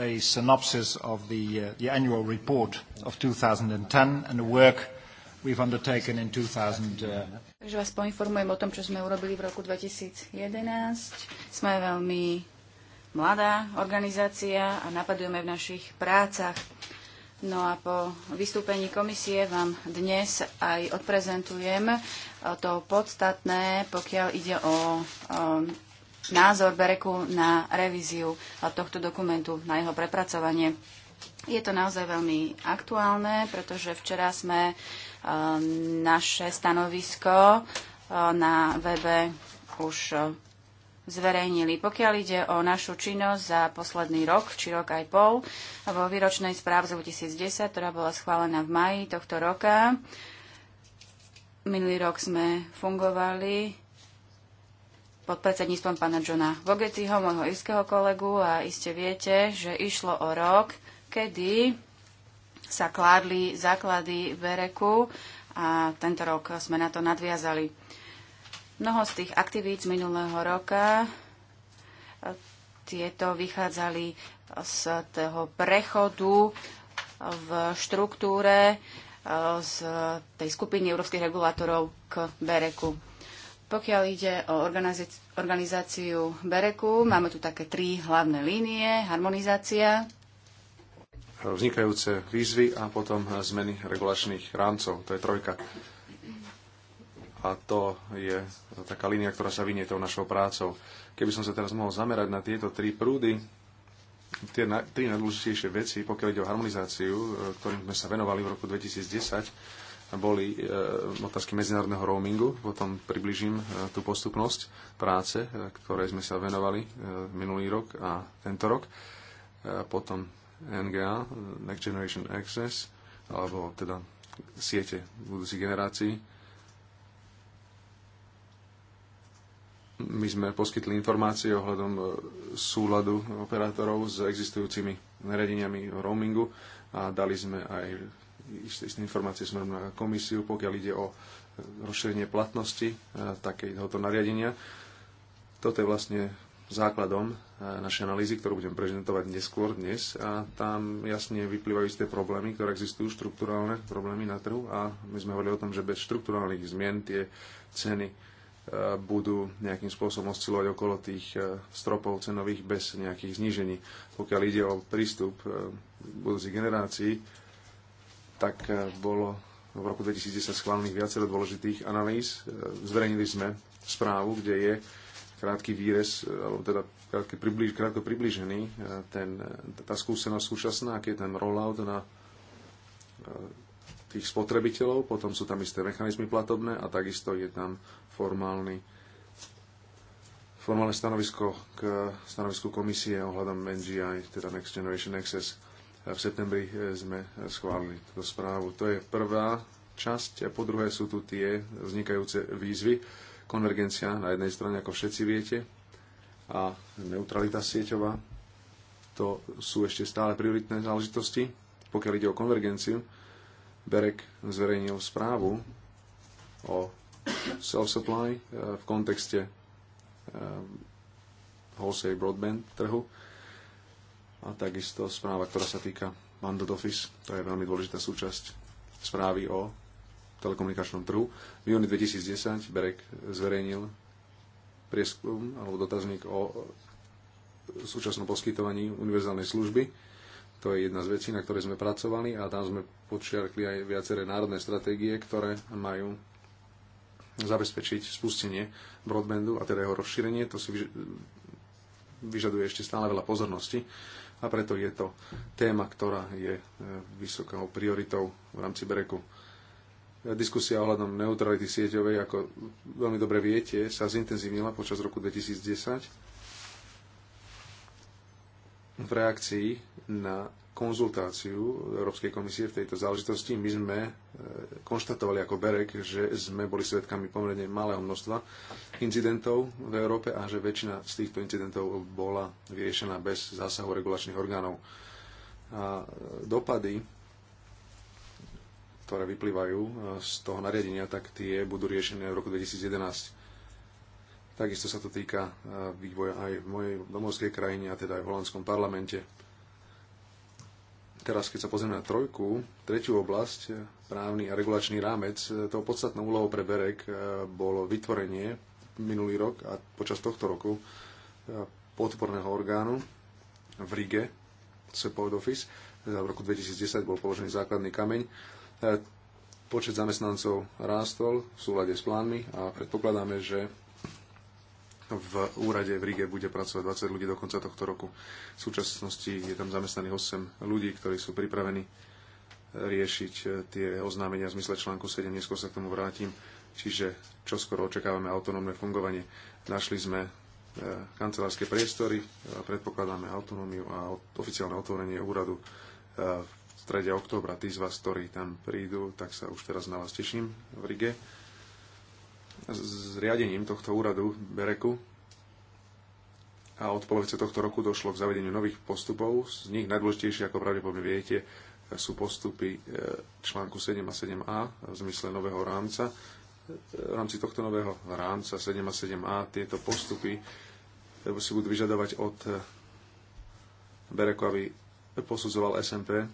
a synopsis of the, uh, the annual report of 2010 and the work we've undertaken in 2000. Uh, Takže vás poinformujem o tom, čo sme urobili v roku 2011. Sme veľmi mladá organizácia a napadujeme v našich prácach. No a po vystúpení komisie vám dnes aj odprezentujem to podstatné, pokiaľ ide o, o um, názor Bereku na revíziu tohto dokumentu, na jeho prepracovanie. Je to naozaj veľmi aktuálne, pretože včera sme e, naše stanovisko e, na webe už e, zverejnili. Pokiaľ ide o našu činnosť za posledný rok, či rok aj pol, vo výročnej správe z 2010, ktorá bola schválená v maji tohto roka, minulý rok sme fungovali pod predsedníctvom pána Johna Vogetyho, môjho iského kolegu a iste viete, že išlo o rok, kedy sa kládli základy Vereku a tento rok sme na to nadviazali. Mnoho z tých aktivít z minulého roka e, tieto vychádzali z toho prechodu v štruktúre e, z tej skupiny európskych regulátorov k Bereku. Pokiaľ ide o organizáciu Bereku, máme tu také tri hlavné línie. Harmonizácia, vznikajúce výzvy a potom zmeny regulačných rámcov. To je trojka. A to je taká línia, ktorá sa vynie tou našou prácou. Keby som sa teraz mohol zamerať na tieto tri prúdy, tie na, tri najdôležitejšie veci, pokiaľ ide o harmonizáciu, e, ktorým sme sa venovali v roku 2010, boli e, otázky medzinárodného roamingu, potom približím e, tú postupnosť práce, e, ktorej sme sa venovali minulý rok a tento rok. Potom NGA, Next Generation Access, alebo teda siete budúcich generácií. My sme poskytli informácie ohľadom súladu operátorov s existujúcimi nariadeniami roamingu a dali sme aj isté, isté informácie smerom na komisiu, pokiaľ ide o e, rozšírenie platnosti e, takéhoto nariadenia. Toto je vlastne základom e, našej analýzy, ktorú budem prezentovať neskôr dnes. A tam jasne vyplývajú isté problémy, ktoré existujú, štruktúrálne problémy na trhu. A my sme hovorili o tom, že bez štruktúrálnych zmien tie ceny budú nejakým spôsobom oscilovať okolo tých stropov cenových bez nejakých znížení. Pokiaľ ide o prístup budúcich generácií, tak e, bolo v roku 2010 schválených viacero dôležitých analýz. E, Zverejnili sme správu, kde je krátky výrez, e, alebo teda krátky priblíž, krátko priblížený ten, tá skúsenosť súčasná, aký je ten rollout na tých spotrebiteľov, potom sú tam isté mechanizmy platobné a takisto je tam formálny, formálne stanovisko k stanovisku komisie ohľadom NGI, teda Next Generation Access v septembri eh, sme eh, schválili túto správu. To je prvá časť. A po druhé sú tu tie vznikajúce výzvy. Konvergencia na jednej strane, ako všetci viete, a neutralita sieťová. To sú ešte stále prioritné záležitosti. Pokiaľ ide o konvergenciu, Berek zverejnil správu o self-supply eh, v kontexte wholesale broadband trhu a takisto správa, ktorá sa týka Bundled Office, to je veľmi dôležitá súčasť správy o telekomunikačnom trhu. V júni 2010 Berek zverejnil prieskum alebo dotazník o súčasnom poskytovaní univerzálnej služby. To je jedna z vecí, na ktorej sme pracovali a tam sme počiarkli aj viaceré národné stratégie, ktoré majú zabezpečiť spustenie broadbandu a teda jeho rozšírenie. To si vyžaduje ešte stále veľa pozornosti a preto je to téma, ktorá je e, vysokou prioritou v rámci Bereku. E, diskusia ohľadom neutrality sieťovej, ako veľmi dobre viete, sa zintenzívnila počas roku 2010 v reakcii na konzultáciu Európskej komisie v tejto záležitosti. My sme e, konštatovali ako Berek, že sme boli svedkami pomerne malého množstva incidentov v Európe a že väčšina z týchto incidentov bola vyriešená bez zásahu regulačných orgánov. A e, dopady, ktoré vyplývajú e, z toho nariadenia, tak tie budú riešené v roku 2011. Takisto sa to týka vývoja aj v mojej domovskej krajine, a teda aj v holandskom parlamente Teraz, keď sa pozrieme na trojku, tretiu oblasť, právny a regulačný rámec, tou podstatnou úlohou pre BEREK eh, bolo vytvorenie minulý rok a počas tohto roku eh, podporného orgánu v Rige, Support Office. Teda v roku 2010 bol položený základný kameň. Eh, počet zamestnancov rástol v súlade s plánmi a predpokladáme, že v úrade v Rige bude pracovať 20 ľudí do konca tohto roku. V súčasnosti je tam zamestnaných 8 ľudí, ktorí sú pripravení riešiť eh, tie oznámenia v zmysle článku 7. Neskôr sa k tomu vrátim. Čiže čo skoro očakávame autonómne fungovanie. Našli sme eh, kancelárske priestory, predpokladáme autonómiu a oficiálne otvorenie úradu eh, v strede októbra. Tí z vás, ktorí tam prídu, tak sa už teraz na vás teším v Rige zriadením tohto úradu Bereku a od polovice tohto roku došlo k zavedeniu nových postupov. Z nich najdôležitejšie, ako pravdepodobne viete, sú postupy e, článku 7 a 7a v zmysle nového rámca. E, v rámci tohto nového rámca 7 a 7a tieto postupy e, si budú vyžadovať od Bereku, aby posudzoval SMP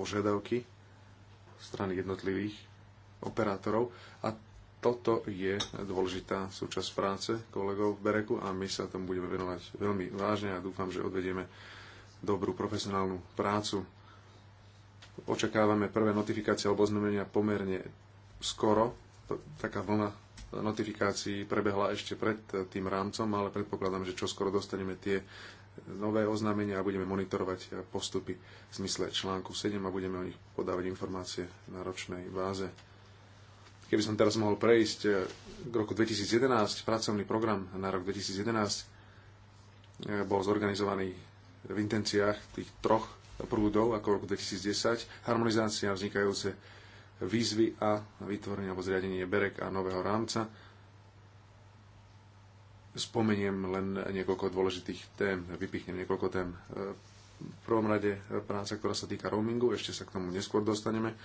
požiadavky strany jednotlivých operátorov a toto je dôležitá súčasť práce kolegov v Bereku a my sa tomu budeme venovať veľmi vážne a dúfam, že odvedieme dobrú profesionálnu prácu. Očakávame prvé notifikácie alebo oznamenia pomerne skoro. Taká vlna notifikácií prebehla ešte pred tým rámcom, ale predpokladám, že čoskoro dostaneme tie nové oznámenia a budeme monitorovať postupy v zmysle článku 7 a budeme o nich podávať informácie na ročnej báze. Keby som teraz mohol prejsť eh, k roku 2011, pracovný program na rok 2011 eh, bol zorganizovaný v intenciách tých troch prúdov ako v roku 2010, harmonizácia vznikajúce výzvy a vytvorenie alebo zriadenie berek a nového rámca. Spomeniem len niekoľko dôležitých tém, vypichnem niekoľko tém. Eh, v prvom rade práca, ktorá sa týka roamingu, ešte sa k tomu neskôr dostaneme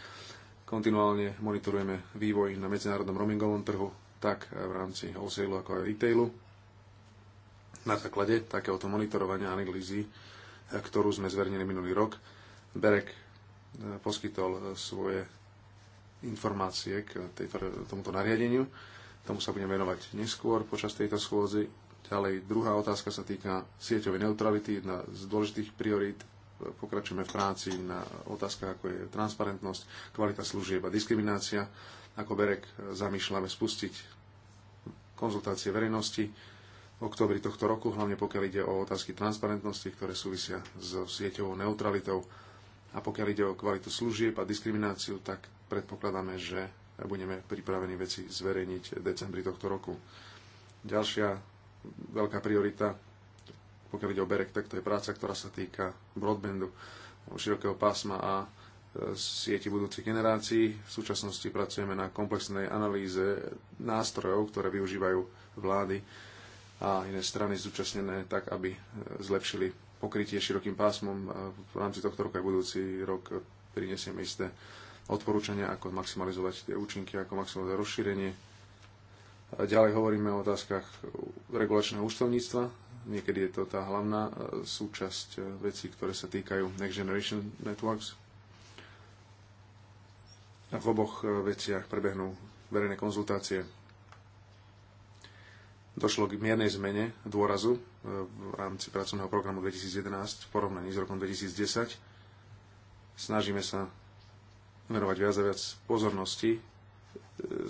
kontinuálne monitorujeme vývoj na medzinárodnom roamingovom trhu, tak v rámci wholesale ako aj retailu. Na základe takéhoto monitorovania analýzy, e, ktorú sme zvernili minulý rok, Berek e, poskytol e, svoje informácie k tejto, tomuto nariadeniu. Tomu sa budeme venovať neskôr počas tejto schôdzy. Ďalej, druhá otázka sa týka sieťovej neutrality, jedna z dôležitých priorít pokračujeme v práci na otázkach, ako je transparentnosť, kvalita služieb a diskriminácia. Ako Berek zamýšľame spustiť konzultácie verejnosti v oktobri tohto roku, hlavne pokiaľ ide o otázky transparentnosti, ktoré súvisia so sieťovou neutralitou. A pokiaľ ide o kvalitu služieb a diskrimináciu, tak predpokladáme, že budeme pripravení veci zverejniť v decembri tohto roku. Ďalšia veľká priorita pokiaľ ide o Berek, tak to je práca, ktorá sa týka broadbandu, širokého pásma a e, sieti budúcich generácií. V súčasnosti pracujeme na komplexnej analýze nástrojov, ktoré využívajú vlády a iné strany zúčastnené tak, aby e, zlepšili pokrytie širokým pásmom. V rámci tohto roka aj budúci rok prinesieme isté odporúčania, ako maximalizovať tie účinky, ako maximalizovať rozšírenie. Ďalej hovoríme o otázkach regulačného účtovníctva Niekedy je to tá hlavná e, súčasť e, vecí, ktoré sa týkajú Next Generation Networks. A v oboch e, veciach prebehnú verejné konzultácie. Došlo k miernej zmene dôrazu v rámci pracovného programu 2011 v porovnaní s rokom 2010. Snažíme sa venovať viac a viac pozornosti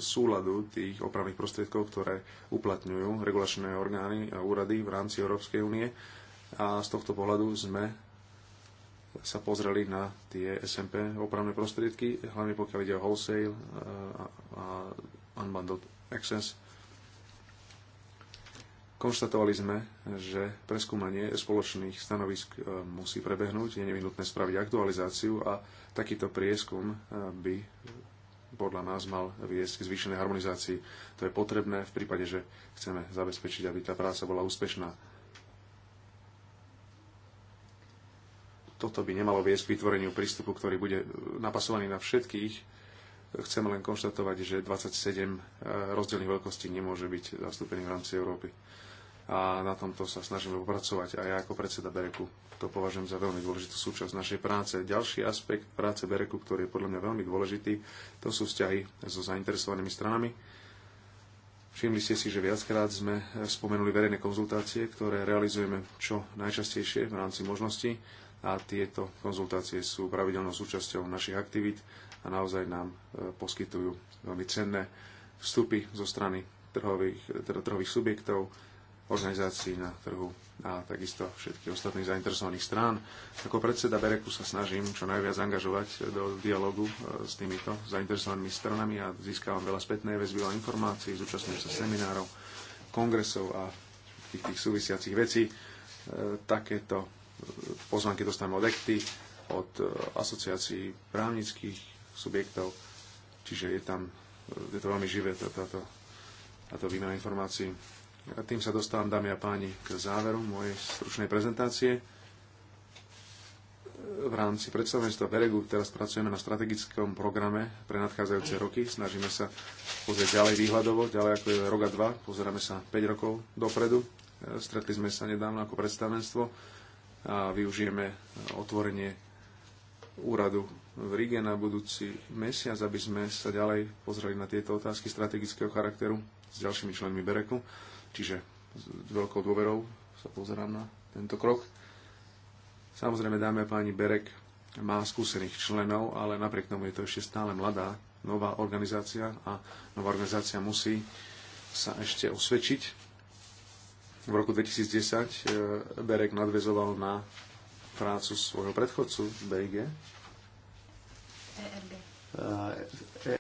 súladu tých opravných prostriedkov, ktoré uplatňujú regulačné orgány a úrady v rámci Európskej únie. A z tohto pohľadu sme sa pozreli na tie SMP opravné prostriedky, hlavne pokiaľ ide o wholesale eh, a unbundled access. Konštatovali sme, že preskúmanie spoločných stanovisk eh, musí prebehnúť, je nevyhnutné spraviť aktualizáciu a takýto prieskum eh, by podľa nás mal viesť k zvýšenej harmonizácii. To je potrebné v prípade, že chceme zabezpečiť, aby tá práca bola úspešná. Toto by nemalo viesť k vytvoreniu prístupu, ktorý bude napasovaný na všetkých. Chcem len konštatovať, že 27 eh, rozdielnych veľkostí nemôže byť zastúpených v rámci Európy a na tomto sa snažíme popracovať a ja ako predseda Bereku to považujem za veľmi dôležitú súčasť našej práce. Ďalší aspekt práce Bereku, ktorý je podľa mňa veľmi dôležitý, to sú vzťahy so zainteresovanými stranami. Všimli ste si, že viackrát sme spomenuli verejné konzultácie, ktoré realizujeme čo najčastejšie v rámci možností a tieto konzultácie sú pravidelnou súčasťou našich aktivít a naozaj nám e, poskytujú veľmi cenné vstupy zo strany trhových, teda trhových subjektov, organizácií na trhu a takisto všetkých ostatných zainteresovaných strán. Ako predseda Bereku sa snažím čo najviac angažovať do dialogu e, s týmito zainteresovanými stranami a získavam veľa spätnej väzby a informácií, zúčastňujem sa seminárov, kongresov a tých tých súvisiacich vecí. E, takéto e, pozvanky dostanem od EKTY, od asociácií právnických subjektov, čiže je tam, je to veľmi živé táto, táto výmena informácií a tým sa dostávam, dámy a páni, k záveru mojej stručnej prezentácie. V rámci predstavenstva Beregu teraz pracujeme na strategickom programe pre nadchádzajúce roky. Snažíme sa pozrieť ďalej výhľadovo, ďalej ako je rok a dva. Pozeráme sa 5 rokov dopredu. E, stretli sme sa nedávno ako predstavenstvo a využijeme otvorenie úradu v ríge na budúci mesiac, aby sme sa ďalej pozreli na tieto otázky strategického charakteru s ďalšími členmi Bereku. Čiže s veľkou dôverou sa pozerám na tento krok. Samozrejme, dáme pani Berek má skúsených členov, ale napriek tomu je to ešte stále mladá, nová organizácia a nová organizácia musí sa ešte osvedčiť. V roku 2010 e, Berek nadvezoval na prácu svojho predchodcu BIG. ERG. E,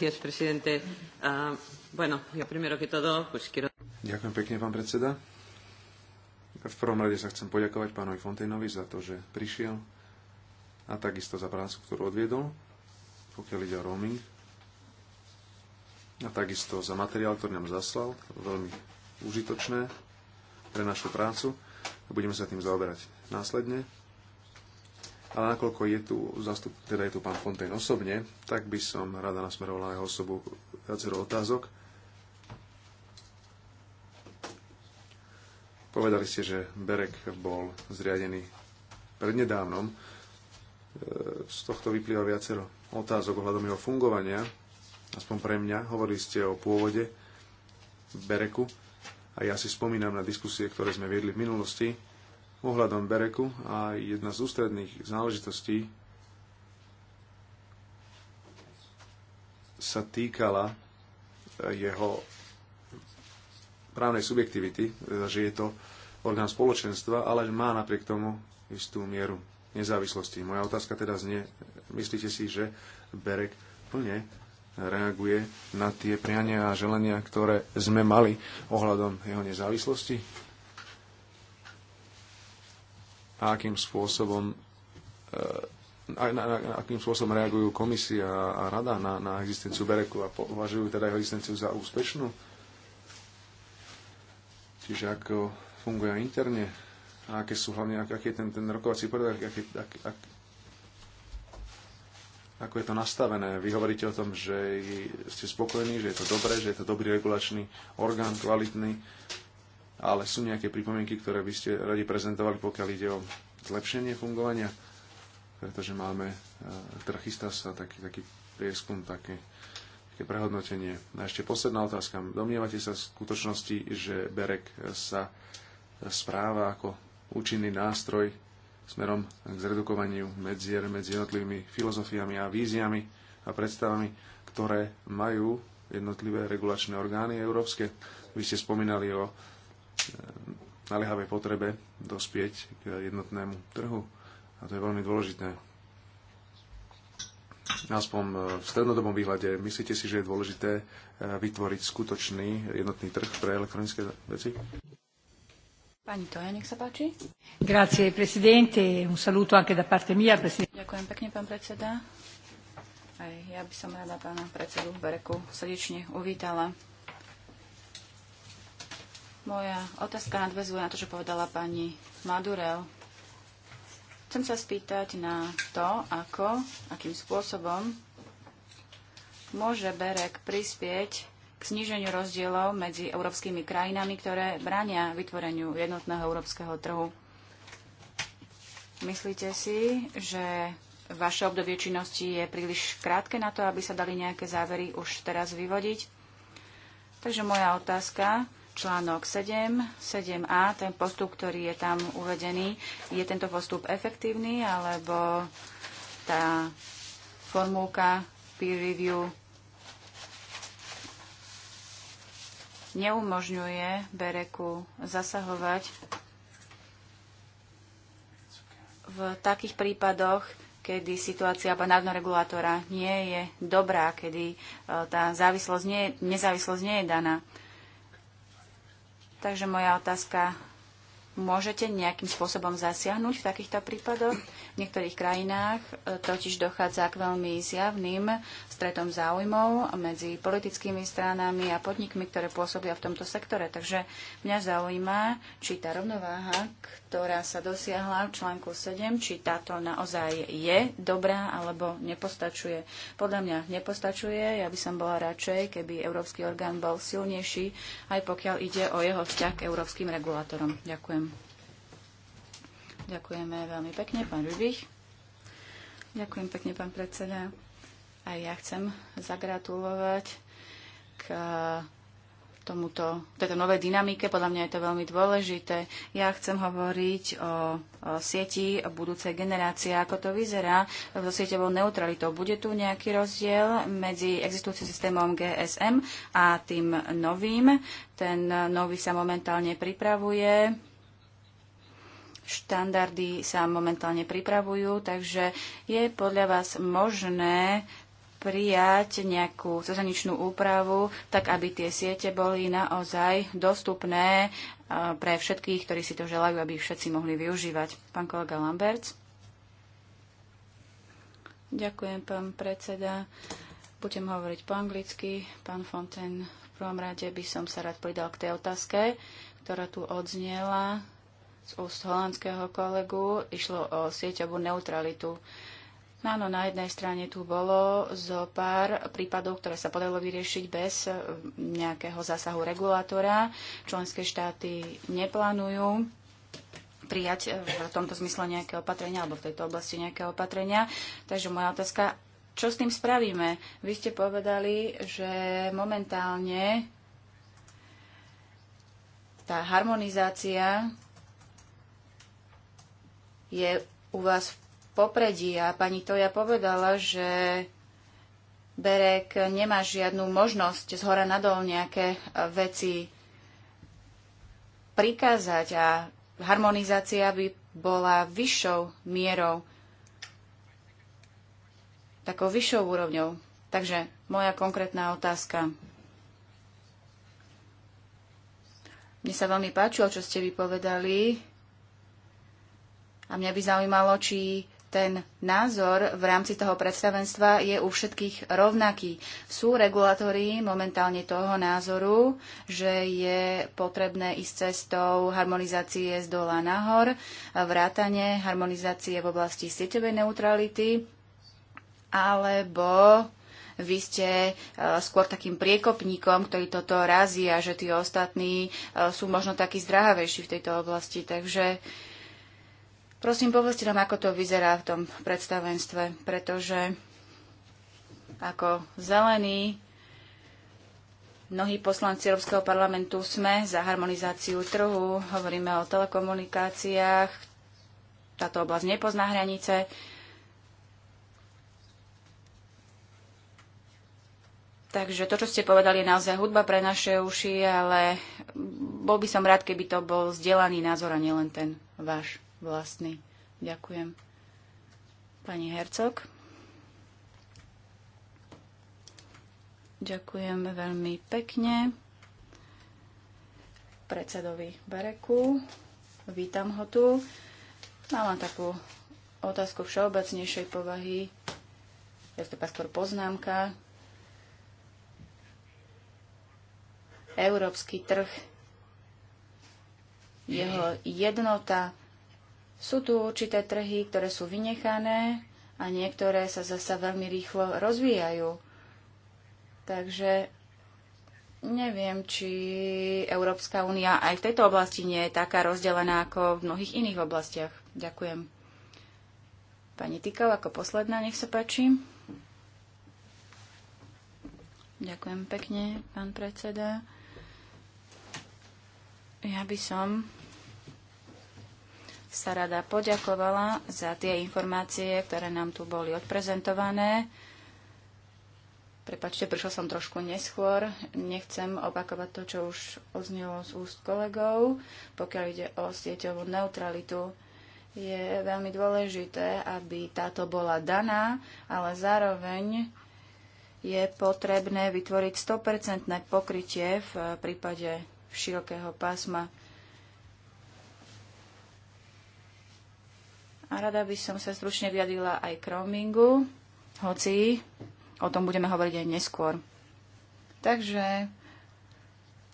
Gracias, presidente. Uh, bueno, yo primero que todo, pues quiero... Ďakujem pekne, pán predseda. V prvom rade sa chcem poďakovať pánovi Fontejnovi za to, že prišiel a takisto za prácu, ktorú odviedol, pokiaľ ide o roaming. A takisto za materiál, ktorý nám zaslal, veľmi užitočné pre našu prácu a budeme sa tým zaoberať následne ale nakoľko je tu, zastup, teda je tu pán Fontaine osobne, tak by som rada nasmerovala na jeho osobu viacero otázok. Povedali ste, že Berek bol zriadený prednedávnom. E, z tohto vyplýva viacero otázok ohľadom jeho fungovania, aspoň pre mňa. Hovorili ste o pôvode Bereku a ja si spomínam na diskusie, ktoré sme viedli v minulosti ohľadom Bereku a jedna z ústredných záležitostí sa týkala eh, jeho právnej subjektivity, teda, že je to orgán spoločenstva, ale má napriek tomu istú mieru nezávislosti. Moja otázka teda znie, myslíte si, že Berek plne reaguje na tie priania a želania, ktoré sme mali ohľadom jeho nezávislosti? a akým spôsobom e, akým spôsobom reagujú komisia a rada na, na existenciu Bereku a považujú teda jeho existenciu za úspešnú. Čiže ako funguje interne a aké sú hlavne, aký je ten, ten rokovací poriadok, ak, ak, ak, ako je to nastavené. Vy hovoríte o tom, že ste spokojní, že je to dobré, že je to dobrý regulačný orgán, kvalitný ale sú nejaké pripomienky, ktoré by ste radi prezentovali, pokiaľ ide o zlepšenie fungovania, pretože máme, e, teda chystá sa taký, taký prieskum, také, také prehodnotenie. A ešte posledná otázka. Domnievate sa v skutočnosti, že Berek sa správa ako účinný nástroj smerom k zredukovaniu medzier medzi jednotlivými filozofiami a víziami a predstavami, ktoré majú jednotlivé regulačné orgány európske. Vy ste spomínali o Ehm, naliehavej potrebe dospieť k jednotnému trhu. A to je veľmi dôležité. Aspoň ehm, v strednodobom výhľade, myslíte si, že je dôležité ehm, vytvoriť skutočný jednotný trh pre elektronické veci? Pani Toja, nech sa páči. Grazie, presidente. Un saluto anche da parte mia, presidente. Ďakujem pekne, pán predseda. Aj ja by som rada pána predsedu Bereku srdečne uvítala. Moja otázka nadvezuje na to, čo povedala pani Madurel. Chcem sa spýtať na to, ako, akým spôsobom môže Berek prispieť k zníženiu rozdielov medzi európskymi krajinami, ktoré bránia vytvoreniu jednotného európskeho trhu. Myslíte si, že vaše obdobie činnosti je príliš krátke na to, aby sa dali nejaké závery už teraz vyvodiť? Takže moja otázka článok 7, 7a, ten postup, ktorý je tam uvedený, je tento postup efektívny, alebo tá formulka peer review neumožňuje Bereku zasahovať v takých prípadoch, kedy situácia banárneho regulátora nie je dobrá, kedy e, tá závislosť nie, nezávislosť nie je daná. Takže moja otázka Môžete nejakým spôsobom zasiahnuť v takýchto prípadoch? V niektorých krajinách e, totiž dochádza k veľmi zjavným stretom záujmov medzi politickými stranami a podnikmi, ktoré pôsobia v tomto sektore. Takže mňa zaujíma, či tá rovnováha, ktorá sa dosiahla v článku 7, či táto naozaj je dobrá alebo nepostačuje. Podľa mňa nepostačuje. Ja by som bola radšej, keby Európsky orgán bol silnejší, aj pokiaľ ide o jeho vzťah k európskym regulátorom. Ďakujem. Ďakujeme veľmi pekne, pán Rubich. Ďakujem pekne, pán predseda. A ja chcem zagratulovať k tomuto, tejto novej dynamike. Podľa mňa je to veľmi dôležité. Ja chcem hovoriť o, o sieti budúcej generácie, ako to vyzerá v sieťovou neutralitou. Bude tu nejaký rozdiel medzi existujúcim systémom GSM a tým novým? Ten nový sa momentálne pripravuje Štandardy sa momentálne pripravujú, takže je podľa vás možné prijať nejakú cezaničnú úpravu, tak aby tie siete boli naozaj dostupné eh, pre všetkých, ktorí si to želajú, aby ich všetci mohli využívať. Pán kolega Lamberts. Ďakujem, pán predseda. Budem hovoriť po anglicky. Pán Fonten, v prvom rade by som sa rád pridal k tej otázke, ktorá tu odzniela z úst holandského kolegu. Išlo o sieťovú neutralitu. Áno, na jednej strane tu bolo zo pár prípadov, ktoré sa podarilo vyriešiť bez eh, nejakého zásahu regulátora. Členské štáty neplánujú prijať eh, v tomto zmysle nejaké opatrenia alebo v tejto oblasti nejaké opatrenia. Takže moja otázka, čo s tým spravíme? Vy ste povedali, že momentálne tá harmonizácia je u vás v popredí a pani Toja povedala, že Berek nemá žiadnu možnosť z hora nadol nejaké e, veci prikázať a harmonizácia by bola vyššou mierou, takou vyššou úrovňou. Takže moja konkrétna otázka. Mne sa veľmi páčilo, čo ste vypovedali a mňa by zaujímalo, či ten názor v rámci toho predstavenstva je u všetkých rovnaký. Sú regulatóri momentálne toho názoru, že je potrebné ísť cestou harmonizácie z dola nahor, vrátane harmonizácie v oblasti sieťovej neutrality, alebo vy ste e, skôr takým priekopníkom, ktorý toto razí a že tí ostatní e, sú možno takí zdrahavejší v tejto oblasti. Takže Prosím, povedzte nám, ako to vyzerá v tom predstavenstve, pretože ako zelení mnohí poslanci Európskeho parlamentu sme za harmonizáciu trhu, hovoríme o telekomunikáciách, táto oblasť nepozná hranice. Takže to, čo ste povedali, je naozaj hudba pre naše uši, ale bol by som rád, keby to bol vzdelaný názor a nielen ten váš vlastný. Ďakujem. Pani Hercog. Ďakujem veľmi pekne predsedovi Bereku. Vítam ho tu. Mám takú otázku všeobecnejšej povahy. Je to skôr poznámka. Európsky trh, jeho jednota, sú tu určité trhy, ktoré sú vynechané a niektoré sa zasa veľmi rýchlo rozvíjajú. Takže neviem, či Európska únia aj v tejto oblasti nie je taká rozdelená ako v mnohých iných oblastiach. Ďakujem. Pani Tykal ako posledná, nech sa páči. Ďakujem pekne, pán predseda. Ja by som sa rada poďakovala za tie informácie, ktoré nám tu boli odprezentované. Prepačte, prišla som trošku neskôr. Nechcem opakovať to, čo už oznelo z úst kolegov. Pokiaľ ide o sieťovú neutralitu, je veľmi dôležité, aby táto bola daná, ale zároveň je potrebné vytvoriť 100% pokrytie v prípade širokého pásma. A rada by som sa stručne vyjadila aj k roamingu, hoci o tom budeme hovoriť aj neskôr. Takže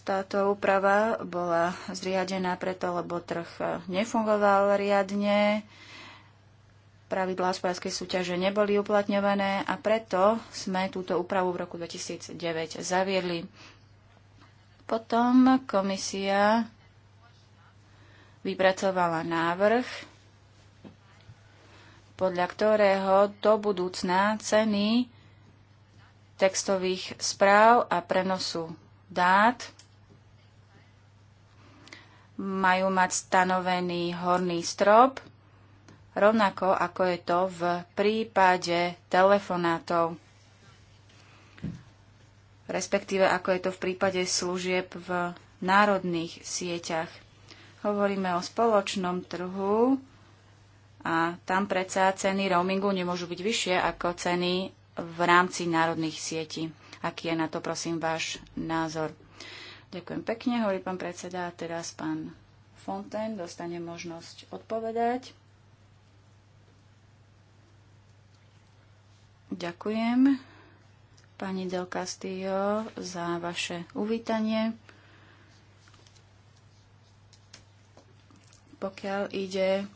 táto úprava bola zriadená preto, lebo trh nefungoval riadne, pravidlá hospodárskej súťaže neboli uplatňované a preto sme túto úpravu v roku 2009 zaviedli. Potom komisia vypracovala návrh podľa ktorého do budúcna ceny textových správ a prenosu dát majú mať stanovený horný strop, rovnako ako je to v prípade telefonátov, respektíve ako je to v prípade služieb v národných sieťach. Hovoríme o spoločnom trhu, a tam predsa ceny roamingu nemôžu byť vyššie ako ceny v rámci národných sietí. Aký je na to, prosím, váš názor? Ďakujem pekne, hovorí pán predseda. A teraz pán Fonten dostane možnosť odpovedať. Ďakujem pani Del Castillo za vaše uvítanie. Pokiaľ ide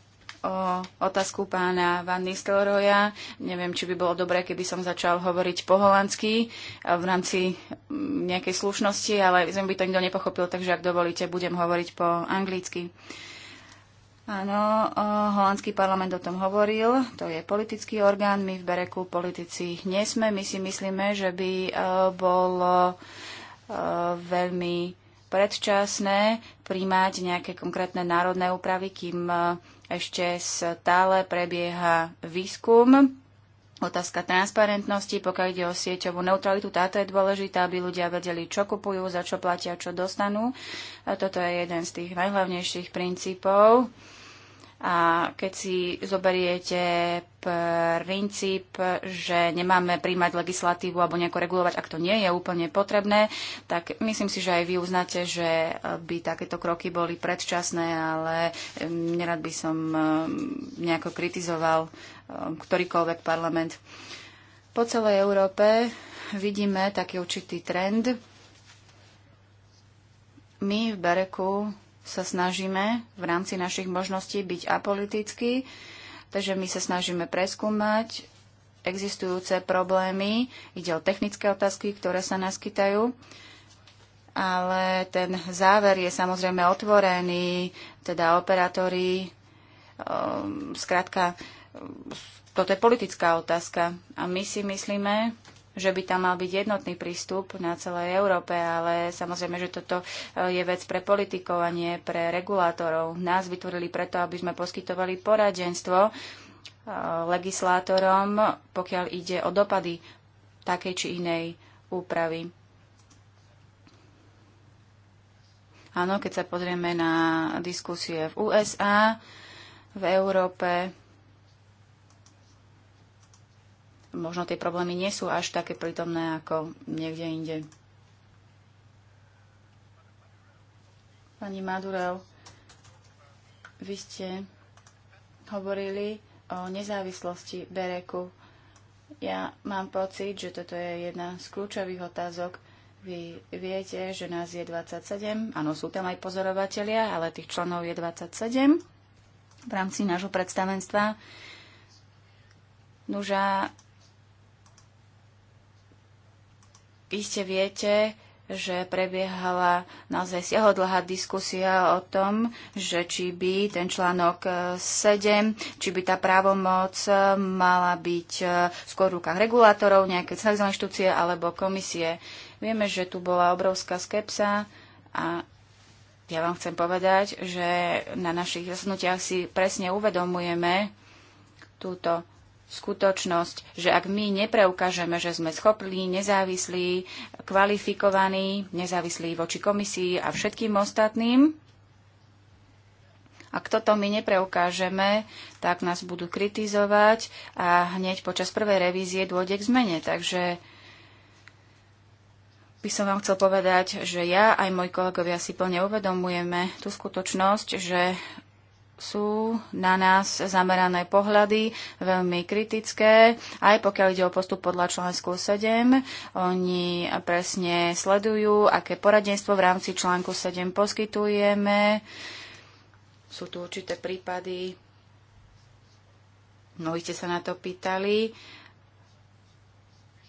o otázku pána Van Nistelroja. Neviem, či by bolo dobré, keby som začal hovoriť po holandsky e, v rámci mm, nejakej slušnosti, ale zem by to nikto nepochopil, takže ak dovolíte, budem hovoriť po anglicky. Áno, e, holandský parlament o tom hovoril, to je politický orgán, my v Bereku politici nie sme, my si myslíme, že by e, bolo veľmi predčasné príjmať nejaké konkrétne národné úpravy, kým e, ešte stále prebieha výskum. Otázka transparentnosti, pokiaľ ide o sieťovú neutralitu, táto je dôležitá, aby ľudia vedeli, čo kupujú, za čo platia, čo dostanú. A toto je jeden z tých najhlavnejších princípov a keď si zoberiete princíp, že nemáme príjmať legislatívu alebo nejako regulovať, ak to nie je úplne potrebné, tak myslím si, že aj vy uznáte, že by takéto kroky boli predčasné, ale nerad by som nejako kritizoval ktorýkoľvek parlament. Po celej Európe vidíme taký určitý trend. My v Bereku sa snažíme v rámci našich možností byť apolitickí, takže my sa snažíme preskúmať existujúce problémy. Ide o technické otázky, ktoré sa naskytajú, ale ten záver je samozrejme otvorený, teda operátori, zkrátka, ehm, ehm, toto je politická otázka. A my si myslíme, že by tam mal byť jednotný prístup na celej Európe, ale samozrejme, že toto eh, je vec pre politikov a nie pre regulátorov. Nás vytvorili preto, aby sme poskytovali poradenstvo eh, legislátorom, pokiaľ ide o dopady takej či inej úpravy. Áno, keď sa pozrieme na diskusie v USA, v Európe, možno tie problémy nie sú až také prítomné ako niekde inde. Pani Madurel, vy ste hovorili o nezávislosti Bereku. Ja mám pocit, že toto je jedna z kľúčových otázok. Vy viete, že nás je 27. Áno, sú tam aj pozorovatelia, ale tých členov je 27 v rámci nášho predstavenstva. Nuža, Iste viete, že prebiehala naozaj siahodlhá diskusia o tom, že či by ten článok 7, e, či by tá právomoc e, mala byť e, skôr v rukách regulátorov, nejaké centralizované inštitúcie alebo komisie. Vieme, že tu bola obrovská skepsa a ja vám chcem povedať, že na našich zasnutiach si presne uvedomujeme túto skutočnosť, že ak my nepreukážeme, že sme schopní, nezávislí, kvalifikovaní, nezávislí voči komisii a všetkým ostatným, ak toto my nepreukážeme, tak nás budú kritizovať a hneď počas prvej revízie dôjde k zmene. Takže by som vám chcel povedať, že ja aj moji kolegovia si plne uvedomujeme tú skutočnosť, že sú na nás zamerané pohľady veľmi kritické, aj pokiaľ ide o postup podľa článku 7. Oni presne sledujú, aké poradenstvo v rámci článku 7 poskytujeme. Sú tu určité prípady, mnohí ste sa na to pýtali,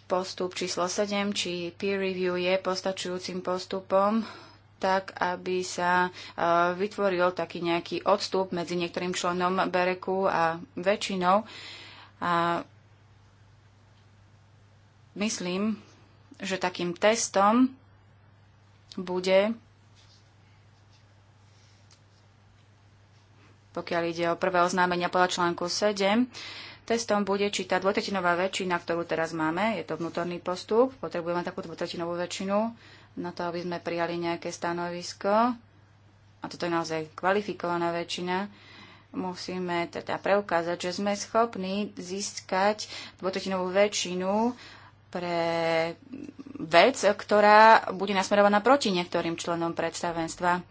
postup číslo 7, či peer review je postačujúcim postupom tak aby sa e, vytvoril taký nejaký odstup medzi niektorým členom Bereku a väčšinou. A myslím, že takým testom bude, pokiaľ ide o prvé oznámenia podľa článku 7, testom bude, či tá dvotretinová väčšina, ktorú teraz máme, je to vnútorný postup, potrebujeme takú dvotretinovú väčšinu, na to, aby sme prijali nejaké stanovisko, a toto je naozaj kvalifikovaná väčšina, musíme teda preukázať, že sme schopní získať dvotretinovú väčšinu pre vec, ktorá bude nasmerovaná proti niektorým členom predstavenstva.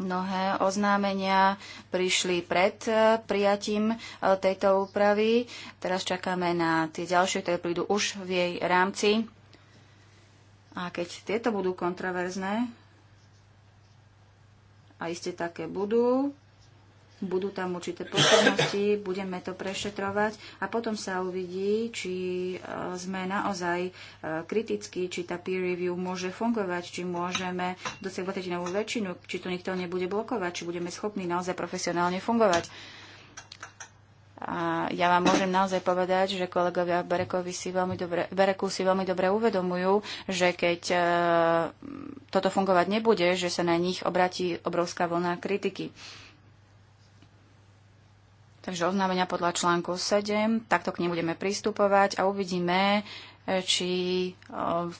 Mnohé oznámenia prišli pred eh, prijatím eh, tejto úpravy. Teraz čakáme na tie ďalšie, ktoré prídu už v jej rámci. A keď tieto budú kontroverzné, a iste také budú, budú tam určité pochybnosti, budeme to prešetrovať a potom sa uvidí, či e, sme naozaj e, kritickí, či tá peer review môže fungovať, či môžeme dosiahnuť novú väčšinu, či to nikto nebude blokovať, či budeme schopní naozaj profesionálne fungovať. A ja vám môžem naozaj povedať, že kolegovia v Berekovi si veľmi dobre, Bereku si veľmi dobre uvedomujú, že keď e, toto fungovať nebude, že sa na nich obratí obrovská vlna kritiky. Takže oznámenia podľa článku 7, takto k budeme pristupovať a uvidíme, e, či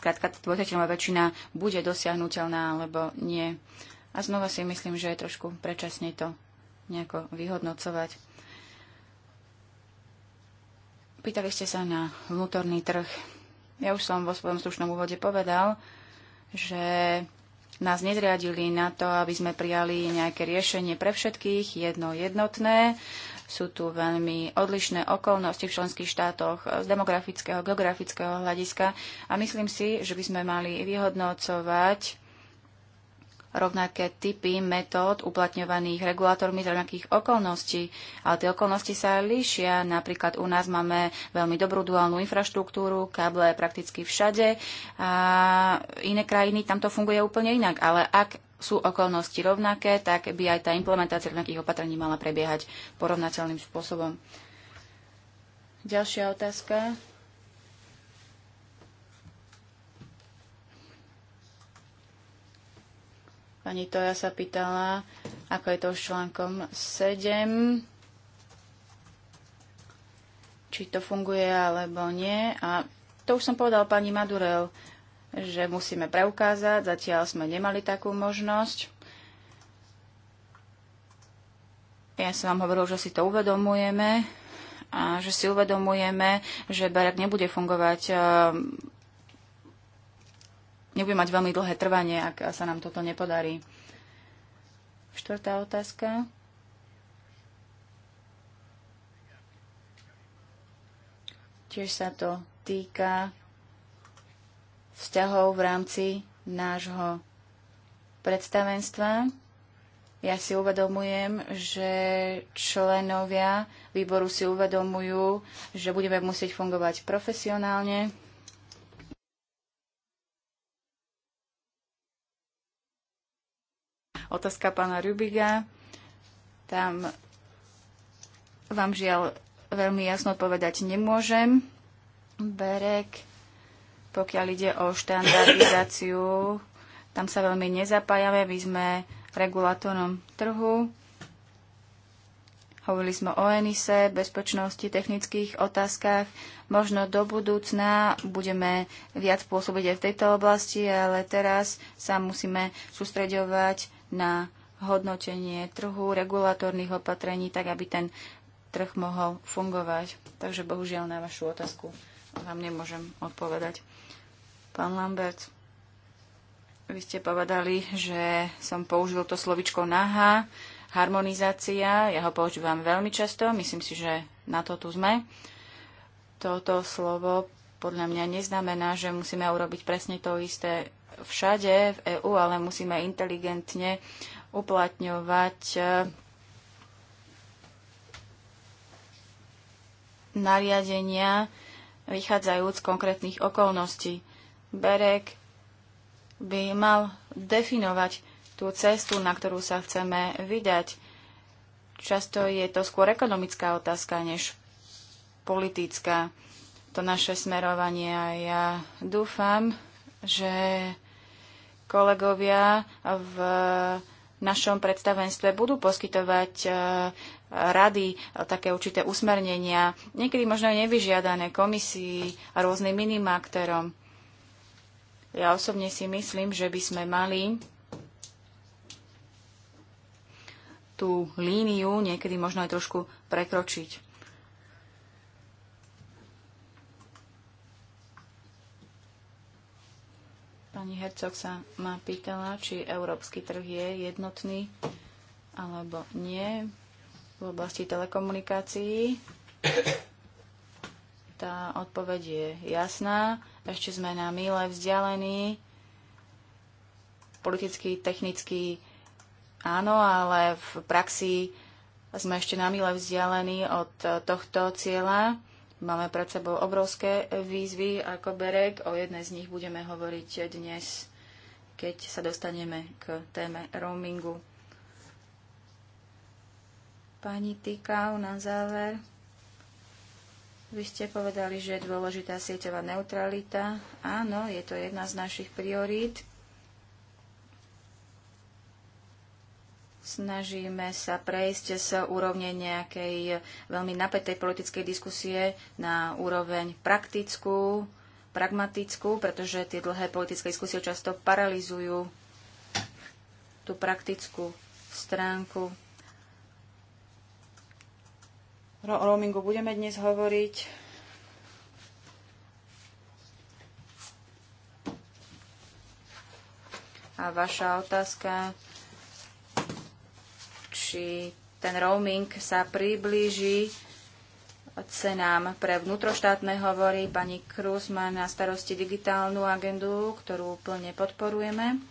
skrátka e, dvojtretinová väčšina bude dosiahnutelná alebo nie. A znova si myslím, že je trošku prečasne to nejako vyhodnocovať. Pýtali ste sa na vnútorný trh. Ja už som vo svojom slušnom úvode povedal, že nás nezriadili na to, aby sme prijali nejaké riešenie pre všetkých, jedno jednotné. Sú tu veľmi odlišné okolnosti v členských štátoch z demografického, geografického hľadiska a myslím si, že by sme mali vyhodnocovať rovnaké typy metód uplatňovaných regulátormi z rovnakých okolností. Ale tie okolnosti sa líšia. Napríklad u nás máme veľmi dobrú duálnu infraštruktúru, káble prakticky všade a iné krajiny tam to funguje úplne inak. Ale ak sú okolnosti rovnaké, tak by aj tá implementácia rovnakých opatrení mala prebiehať porovnateľným spôsobom. Ďalšia otázka. Pani Toja sa pýtala, ako je to s článkom 7, či to funguje alebo nie. A to už som povedal pani Madurel, že musíme preukázať, zatiaľ sme nemali takú možnosť. Ja som vám hovoril, že si to uvedomujeme a že si uvedomujeme, že Barak nebude fungovať nebude mať veľmi dlhé trvanie, ak sa nám toto nepodarí. Štvrtá otázka. Tiež sa to týka vzťahov v rámci nášho predstavenstva. Ja si uvedomujem, že členovia výboru si uvedomujú, že budeme musieť fungovať profesionálne, Otázka pána Rubiga. Tam vám žiaľ veľmi jasno odpovedať nemôžem. Berek, pokiaľ ide o štandardizáciu, tam sa veľmi nezapájame. My sme regulátorom trhu. Hovorili sme o ENISE, bezpečnosti, technických otázkach. Možno do budúcna budeme viac pôsobiť aj v tejto oblasti, ale teraz sa musíme sústreďovať na hodnotenie trhu, regulatórnych opatrení, tak aby ten trh mohol fungovať. Takže bohužiaľ na vašu otázku vám nemôžem odpovedať. Pán Lambert, vy ste povedali, že som použil to slovičko naha, harmonizácia. Ja ho používam veľmi často, myslím si, že na to tu sme. Toto slovo podľa mňa neznamená, že musíme urobiť presne to isté všade v EÚ, ale musíme inteligentne uplatňovať e, nariadenia vychádzajúc z konkrétnych okolností. Berek by mal definovať tú cestu, na ktorú sa chceme vydať. Často je to skôr ekonomická otázka než politická. To naše smerovanie a ja dúfam, že kolegovia v našom predstavenstve budú poskytovať e, rady, e, také určité usmernenia, niekedy možno aj nevyžiadané komisii a rôznym aktérom. Ja osobne si myslím, že by sme mali tú líniu niekedy možno aj trošku prekročiť. Pani Hercog sa ma pýtala, či európsky trh je jednotný alebo nie v oblasti telekomunikácií. Tá odpoveď je jasná. Ešte sme na míle vzdialení. Politicky, technicky áno, ale v praxi sme ešte na míle vzdialení od tohto cieľa. Máme pred sebou obrovské výzvy ako Berek. O jednej z nich budeme hovoriť dnes, keď sa dostaneme k téme roamingu. Pani Tykau, na záver. Vy ste povedali, že je dôležitá sieťová neutralita. Áno, je to jedna z našich priorít. Snažíme sa prejsť z úrovne nejakej veľmi napätej politickej diskusie na úroveň praktickú, pragmatickú, pretože tie dlhé politické diskusie často paralizujú tú praktickú stránku. O roamingu budeme dnes hovoriť. A vaša otázka, či ten roaming sa priblíži cenám pre vnútroštátne hovory. Pani Krus má na starosti digitálnu agendu, ktorú plne podporujeme.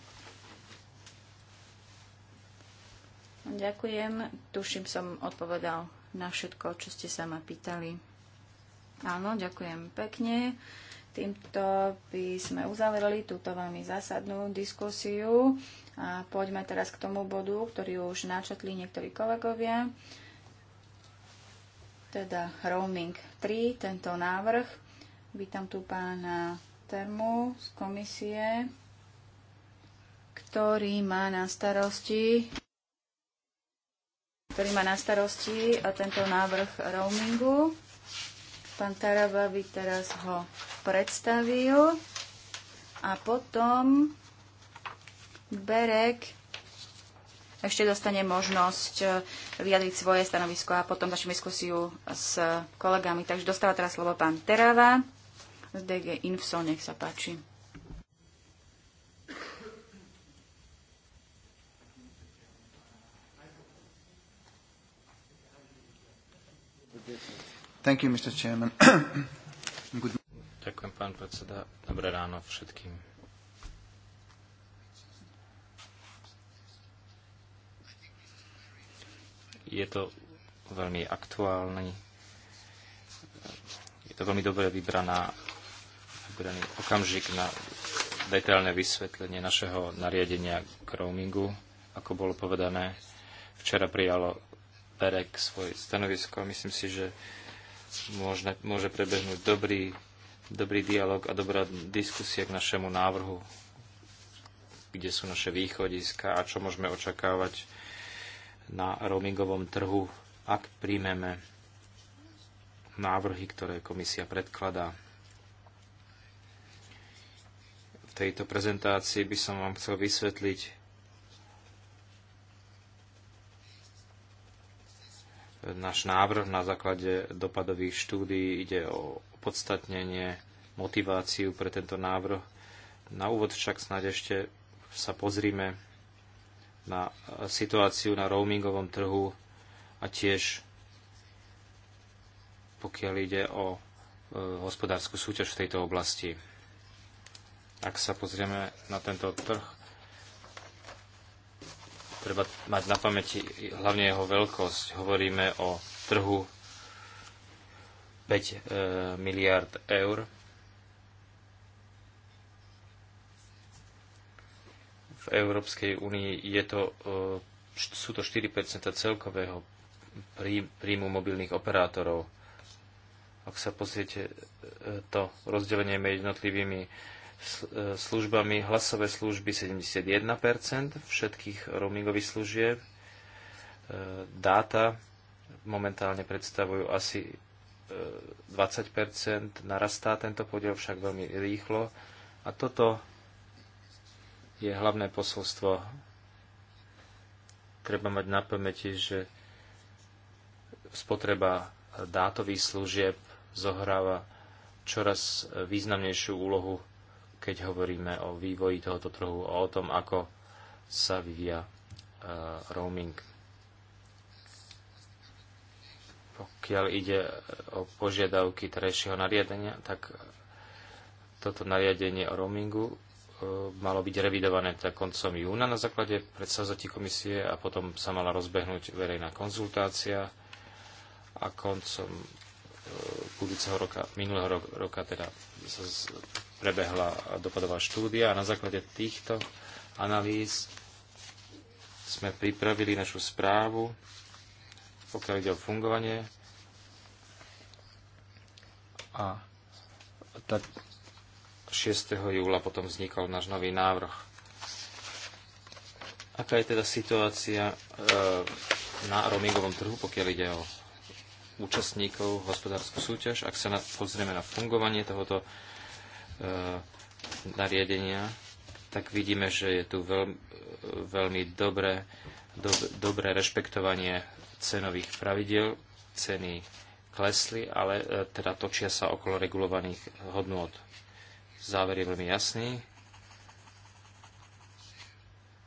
Ďakujem. Tuším, som odpovedal na všetko, čo ste sa ma pýtali. Áno, ďakujem pekne. Týmto by sme uzavreli túto veľmi zásadnú diskusiu. A poďme teraz k tomu bodu, ktorý už načetli niektorí kolegovia, teda roaming 3, tento návrh. Vítam tu pána Termu z komisie, ktorý má na starosti ktorý má na starosti a tento návrh roamingu. Pán Taraba by teraz ho predstavil a potom Berek ešte dostane možnosť e, vyjadriť svoje stanovisko a potom začneme diskusiu s kolegami. Takže dostáva teraz slovo pán Terava z DG Info, nech sa páči. Thank you, Mr. Chairman. Ďakujem, pán predseda. Dobré ráno všetkým. Je to veľmi aktuálny, je to veľmi dobre vybraná, vybraný okamžik na detailné vysvetlenie našeho nariadenia k roamingu. Ako bolo povedané, včera prijalo Perek svoje stanovisko a myslím si, že môže, môže prebehnúť dobrý, dobrý dialog a dobrá diskusia k našemu návrhu, kde sú naše východiska a čo môžeme očakávať na roamingovom trhu, ak príjmeme návrhy, ktoré komisia predkladá. V tejto prezentácii by som vám chcel vysvetliť, náš návrh na základe dopadových štúdií ide o opodstatnenie, motiváciu pre tento návrh. Na úvod však snáď ešte sa pozrime na situáciu na roamingovom trhu a tiež pokiaľ ide o e, hospodárskú súťaž v tejto oblasti. Ak sa pozrieme na tento trh, treba mať na pamäti hlavne jeho veľkosť. Hovoríme o trhu 5 e, miliard eur v Európskej únii je to, e, sú to 4 celkového príjmu mobilných operátorov. Ak sa pozriete e, to rozdelenie medzi jednotlivými e, službami, hlasové služby 71 všetkých roamingových služieb, dáta momentálne predstavujú asi 20 narastá tento podiel však veľmi rýchlo a toto je hlavné posolstvo. Treba mať na pamäti, že spotreba dátových služieb zohráva čoraz významnejšiu úlohu, keď hovoríme o vývoji tohoto trhu a o tom, ako sa vyvíja e, roaming. Pokiaľ ide o požiadavky terajšieho nariadenia, tak toto nariadenie o roamingu E, malo byť revidované tak koncom júna na základe predstavzatí komisie a potom sa mala rozbehnúť verejná konzultácia a koncom e, budúceho roka, minulého roka teda sa prebehla dopadová štúdia a na základe týchto analýz sme pripravili našu správu, pokiaľ ide o fungovanie a tak. 6. júla potom vznikol náš nový návrh. Aká je teda situácia e, na roamingovom trhu, pokiaľ ide o účastníkov hospodárskú súťaž? Ak sa na, pozrieme na fungovanie tohoto e, nariadenia, tak vidíme, že je tu veľ, veľmi dobré, do, dobré rešpektovanie cenových pravidel. Ceny klesli, ale e, teda točia sa okolo regulovaných hodnôt. Záver je veľmi jasný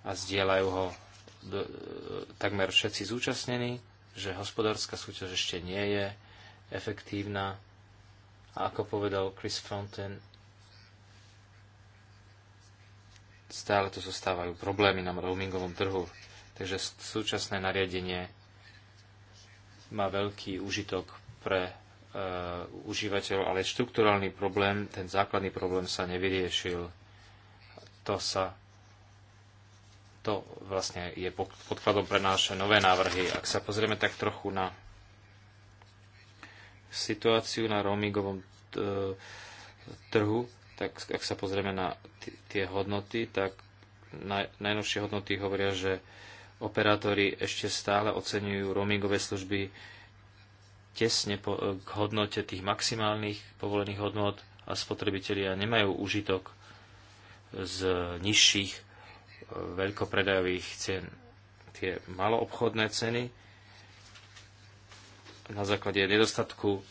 a zdieľajú ho do, e, takmer všetci zúčastnení, že hospodárska súťaž ešte nie je efektívna. A ako povedal Chris Fountain, stále tu zostávajú problémy na roamingovom trhu. Takže súčasné nariadenie má veľký užitok pre Uh, užívateľov, ale štruktúrálny problém, ten základný problém sa nevyriešil. To sa to vlastne je podkladom pre naše nové návrhy. Ak sa pozrieme tak trochu na situáciu na roamingovom uh, trhu, tak ak sa pozrieme na tie hodnoty, tak naj- najnovšie hodnoty hovoria, že operátori ešte stále oceňujú roamingové služby tesne po, eh, k hodnote tých maximálnych povolených hodnot a spotrebitelia nemajú užitok z nižších eh, veľkopredajových cien. Tie maloobchodné ceny na základe nedostatku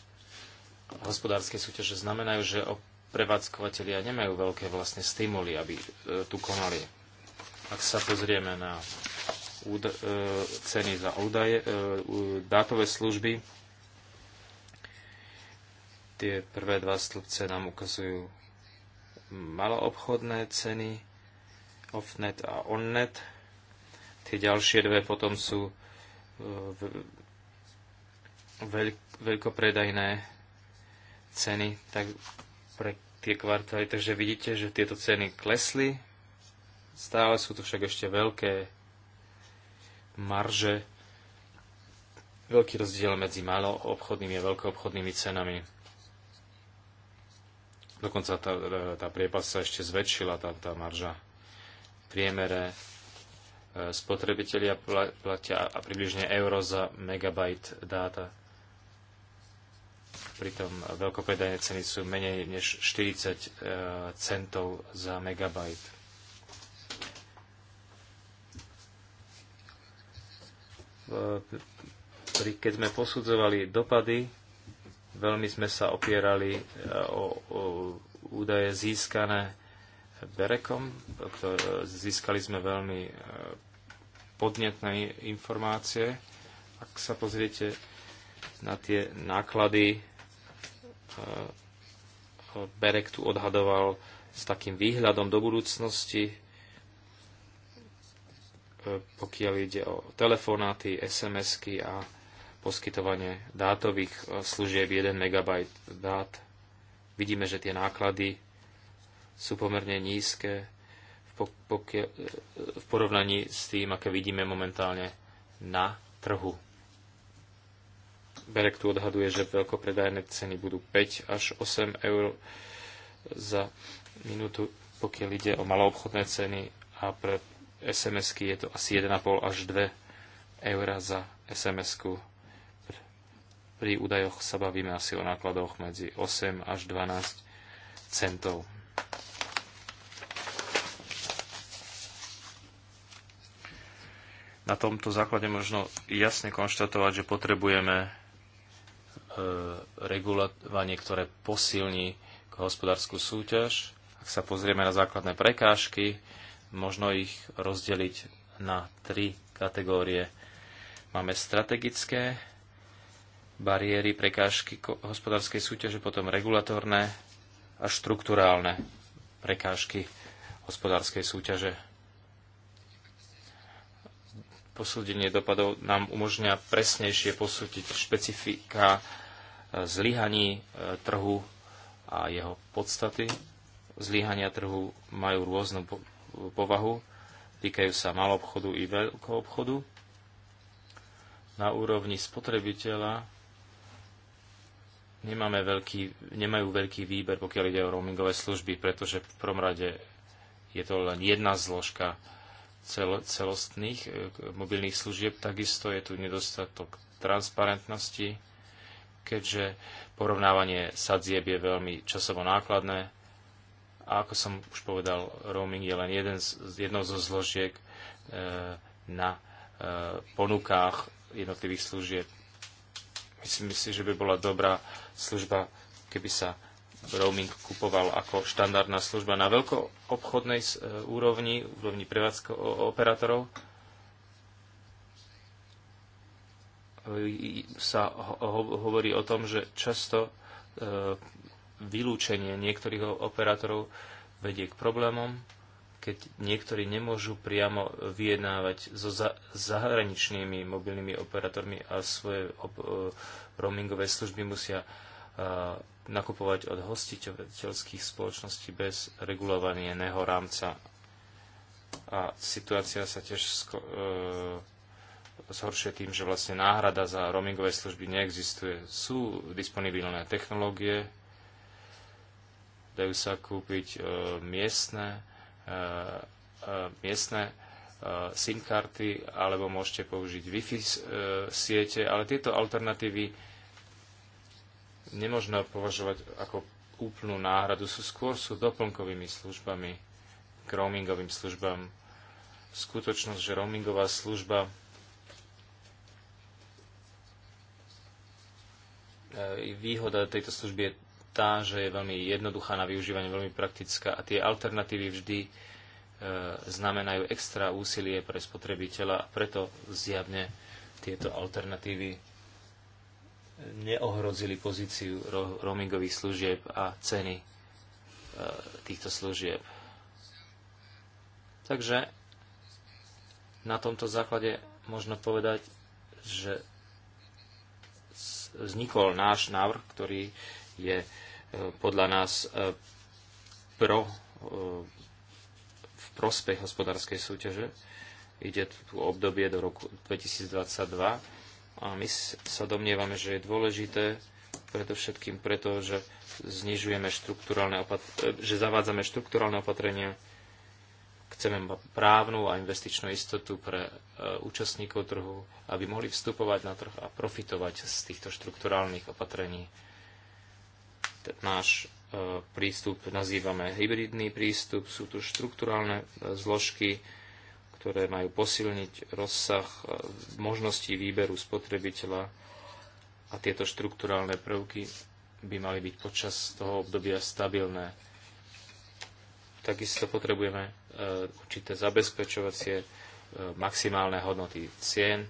hospodárskej súťaže znamenajú, že prevádzkovateľia nemajú veľké vlastne stimuly, aby eh, tu konali. Ak sa pozrieme na ceny za údaje, dátové služby, Tie prvé dva stĺpce nám ukazujú maloobchodné ceny, offnet a onnet. Tie ďalšie dve potom sú e, veľkopredajné ceny tak pre tie kvartály. Takže vidíte, že tieto ceny klesli. Stále sú tu však ešte veľké marže veľký rozdiel medzi maloobchodnými a veľkoobchodnými cenami. Dokonca tá, tá priepas sa ešte zväčšila, tá, tá marža. V priemere e, spotrebitelia platia a približne euro za megabajt dáta. Pritom veľkopredajné ceny sú menej než 40 e, centov za megabajt. E, keď sme posudzovali dopady Veľmi sme sa opierali e, o, o údaje získané Berekom. Získali sme veľmi e, podnetné informácie. Ak sa pozriete na tie náklady, e, Berek tu odhadoval s takým výhľadom do budúcnosti, pokiaľ ide o telefonáty, SMS-ky a poskytovanie dátových e, služieb 1 MB dát. Vidíme, že tie náklady sú pomerne nízke v e, porovnaní s tým, aké vidíme momentálne na trhu. Berek tu odhaduje, že veľkopredajné ceny budú 5 až 8 eur za minútu, pokiaľ ide o maloobchodné ceny a pre SMS-ky je to asi 1,5 až 2 eur za SMS-ku pri údajoch sa bavíme asi o nákladoch medzi 8 až 12 centov. Na tomto základe možno jasne konštatovať, že potrebujeme e, regulovanie, ktoré posilní hospodárskú súťaž. Ak sa pozrieme na základné prekážky, možno ich rozdeliť na tri kategórie. Máme strategické bariéry, prekážky hospodárskej súťaže, potom regulatórne a štruktúrálne prekážky hospodárskej súťaže. Posúdenie dopadov nám umožňa presnejšie posúdiť špecifika e, zlyhaní e, trhu a jeho podstaty. Zlyhania trhu majú rôznu povahu, týkajú sa malobchodu i veľkoobchodu. Na úrovni spotrebiteľa nemáme veľký, nemajú veľký výber, pokiaľ ide o roamingové služby, pretože v prvom rade je to len jedna zložka cel, celostných e, mobilných služieb. Takisto je tu nedostatok transparentnosti, keďže porovnávanie sadzieb je veľmi časovo nákladné. A ako som už povedal, roaming je len jeden z, jednou zo zložiek e, na e, ponukách jednotlivých služieb Myslím si, že by bola dobrá služba, keby sa roaming kupoval ako štandardná služba na veľkoobchodnej e, úrovni, úrovni prevádzko operátorov. sa ho- hovorí o tom, že často e, vylúčenie niektorých operátorov vedie k problémom keď niektorí nemôžu priamo vyjednávať so za- zahraničnými mobilnými operátormi a svoje op- e, roamingové služby musia uh, nakupovať od hostiteľských spoločností bez regulovaného rámca. A situácia sa tiež sko- uh, zhoršuje tým, že vlastne náhrada za roamingové služby neexistuje. Sú disponibilné technológie, dajú sa kúpiť miestne Eh, eh, miestne eh, SIM karty, alebo môžete použiť Wi-Fi siete, ale tieto alternatívy nemôžno považovať ako úplnú náhradu, sú skôr sú doplnkovými službami k roamingovým službám. Skutočnosť, že roamingová služba výhoda tejto služby je tá, že je veľmi jednoduchá na využívanie, veľmi praktická a tie alternatívy vždy e, znamenajú extra úsilie pre spotrebiteľa a preto zjavne tieto alternatívy neohrozili pozíciu roamingových služieb a ceny e, týchto služieb. Takže na tomto základe možno povedať, že vznikol náš návrh, ktorý je e, podľa nás e, pro, e, v prospech hospodárskej súťaže. Ide tu obdobie do roku 2022 a my sa domnievame, že je dôležité predovšetkým preto, že znižujeme štruktúralne že zavádzame štruktúralne opatrenia, chceme právnu a investičnú istotu pre účastníkov trhu, aby mohli vstupovať na trh a profitovať z týchto štruktúrálnych opatrení náš e, prístup nazývame hybridný prístup. Sú tu štrukturálne e, zložky, ktoré majú posilniť rozsah e, možností výberu spotrebiteľa a tieto štrukturálne prvky by mali byť počas toho obdobia stabilné. Takisto potrebujeme určité zabezpečovacie maximálne hodnoty cien,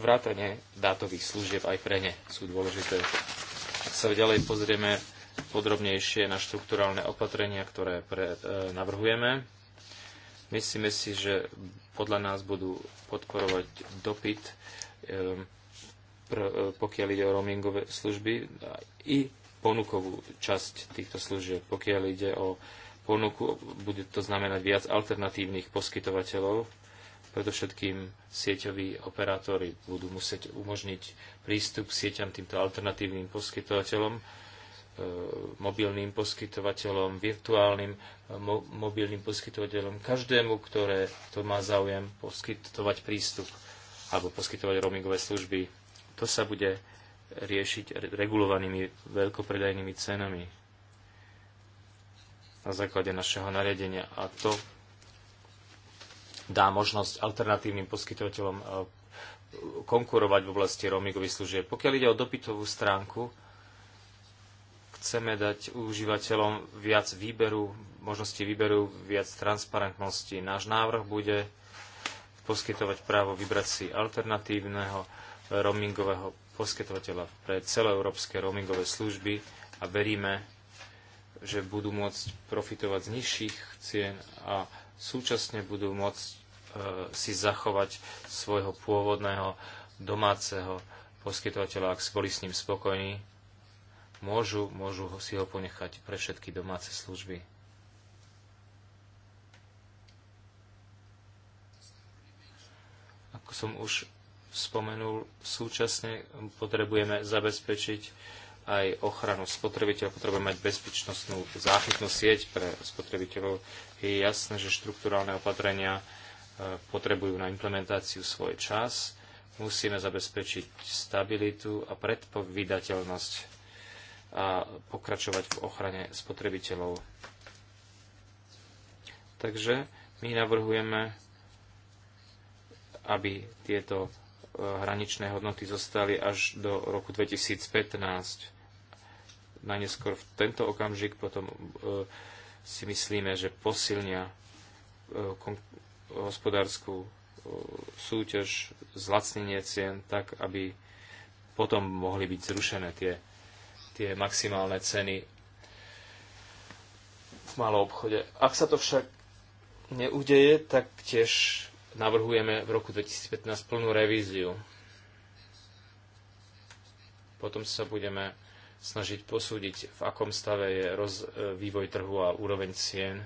vrátanie dátových služieb aj pre ne sú dôležité. Ak sa ďalej pozrieme podrobnejšie na štruktúralne opatrenia, ktoré pre, e, navrhujeme, myslíme si, že podľa nás budú podporovať dopyt, e, pr, e, pokiaľ ide o roamingové služby, i ponukovú časť týchto služieb. Pokiaľ ide o ponuku, bude to znamenať viac alternatívnych poskytovateľov, Predovšetkým sieťoví operátori budú musieť umožniť prístup k sieťam týmto alternatívnym poskytovateľom, e, mobilným poskytovateľom, virtuálnym e, mo- mobilným poskytovateľom, každému, ktoré to má záujem poskytovať prístup alebo poskytovať roamingové služby. To sa bude riešiť regulovanými veľkopredajnými cenami na základe našeho nariadenia a to dá možnosť alternatívnym poskytovateľom e, konkurovať v oblasti roamingových služieb. Pokiaľ ide o dopytovú stránku, chceme dať užívateľom viac výberu, možnosti výberu, viac transparentnosti. Náš návrh bude poskytovať právo vybrať si alternatívneho roamingového poskytovateľa pre celoeurópske roamingové služby a veríme, že budú môcť profitovať z nižších cien a súčasne budú môcť Eh, si zachovať svojho pôvodného domáceho poskytovateľa, ak boli s ním spokojní, môžu, môžu si ho ponechať pre všetky domáce služby. Ako som už spomenul, súčasne potrebujeme zabezpečiť aj ochranu spotrebiteľa, potrebujeme mať bezpečnostnú záchytnú sieť pre spotrebiteľov. Je jasné, že štruktúrálne opatrenia potrebujú na implementáciu svoj čas. Musíme zabezpečiť stabilitu a predpovydateľnosť a pokračovať v ochrane spotrebiteľov. Takže my navrhujeme, aby tieto e, hraničné hodnoty zostali až do roku 2015. Najneskôr v tento okamžik potom e, si myslíme, že posilnia e, hospodárskú súťaž, zlacnenie cien, tak aby potom mohli byť zrušené tie, tie maximálne ceny v malom obchode. Ak sa to však neudeje, tak tiež navrhujeme v roku 2015 plnú revíziu. Potom sa budeme snažiť posúdiť, v akom stave je roz, e, vývoj trhu a úroveň cien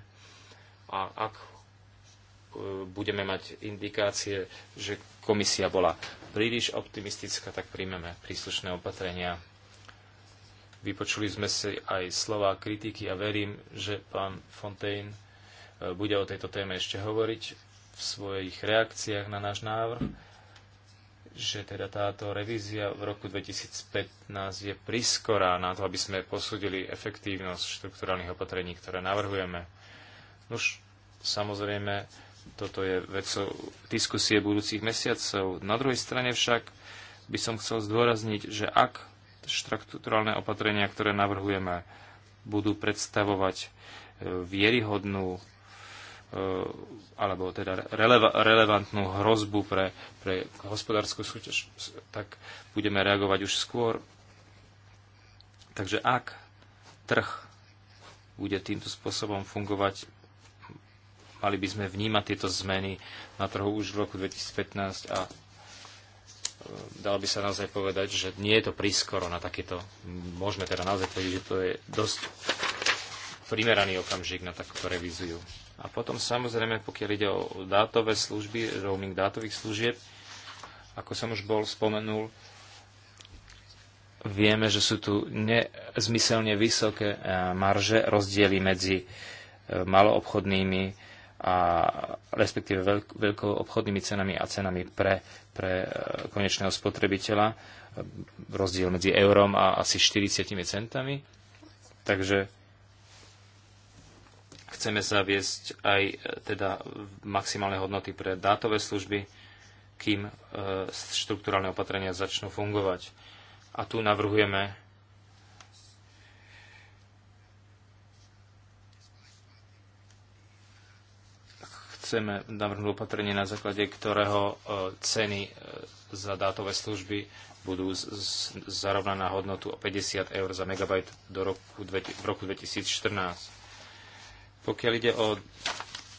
a ak E, budeme mať indikácie, že komisia bola príliš optimistická, tak príjmeme príslušné opatrenia. Vypočuli sme si aj slova kritiky a verím, že pán Fontaine e, bude o tejto téme ešte hovoriť v svojich reakciách na náš návrh, že teda táto revízia v roku 2015 je priskorá na to, aby sme posúdili efektívnosť štruktúrálnych opatrení, ktoré navrhujeme. Už samozrejme toto je vecou diskusie budúcich mesiacov. Na druhej strane však by som chcel zdôrazniť, že ak štruktúralne opatrenia, ktoré navrhujeme, budú predstavovať e, vieryhodnú e, alebo teda releva, relevantnú hrozbu pre, pre hospodárskú súťaž, tak budeme reagovať už skôr. Takže ak trh bude týmto spôsobom fungovať, mali by sme vnímať tieto zmeny na trhu už v roku 2015 a e, dalo by sa naozaj povedať, že nie je to prískoro na takéto, môžeme teda naozaj povedať, že to je dosť primeraný okamžik na takúto revíziu. A potom samozrejme, pokiaľ ide o dátové služby, roaming dátových služieb, ako som už bol spomenul, vieme, že sú tu nezmyselne vysoké e, marže, rozdiely medzi e, maloobchodnými a respektíve veľkou obchodnými cenami a cenami pre, pre e, konečného spotrebiteľa. Rozdiel medzi eurom a asi 40 centami. Takže chceme zaviesť aj e, teda maximálne hodnoty pre dátové služby, kým e, štruktúralne opatrenia začnú fungovať. A tu navrhujeme chceme navrhnúť opatrenie, na základe ktorého e, ceny e, za dátové služby budú zarovná na hodnotu o 50 eur za megabajt do roku, v roku 2014. Pokiaľ ide o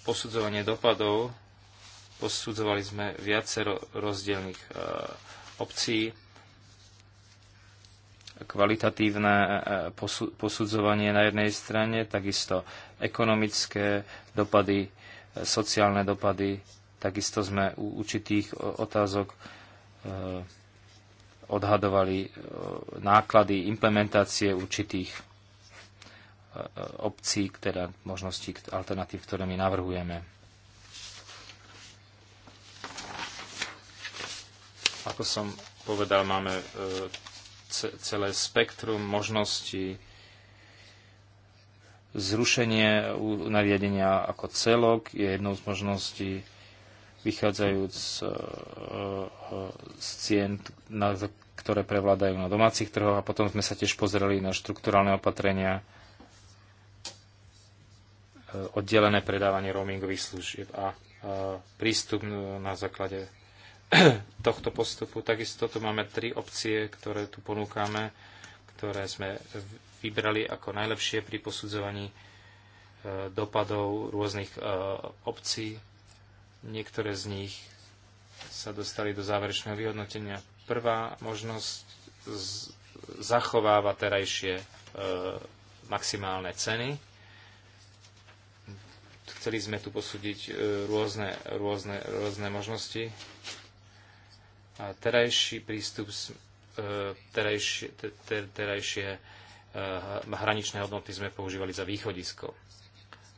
posudzovanie dopadov, posudzovali sme viacero rozdielných e, obcí, kvalitatívne posudzovanie na jednej strane, takisto ekonomické dopady sociálne dopady. Takisto sme u určitých otázok e, odhadovali e, náklady implementácie určitých e, obcí, teda možností alternatív, ktoré my navrhujeme. Ako som povedal, máme celé spektrum možností Zrušenie nariadenia ako celok je jednou z možností, vychádzajúc e, e, z cien, ktoré prevládajú na domácich trhoch a potom sme sa tiež pozreli na štrukturálne opatrenia, e, oddelené predávanie roamingových služieb a prístup na základe tohto postupu. Takisto tu máme tri opcie, ktoré tu ponúkame, ktoré sme vybrali ako najlepšie pri posudzovaní e, dopadov rôznych e, obcí. Niektoré z nich sa dostali do záverečného vyhodnotenia. Prvá možnosť zachováva terajšie e, maximálne ceny. Chceli sme tu posúdiť rôzne, rôzne, rôzne možnosti. A terajší prístup, terajšie, ter, terajšie Eh, hraničné hodnoty sme používali za východisko.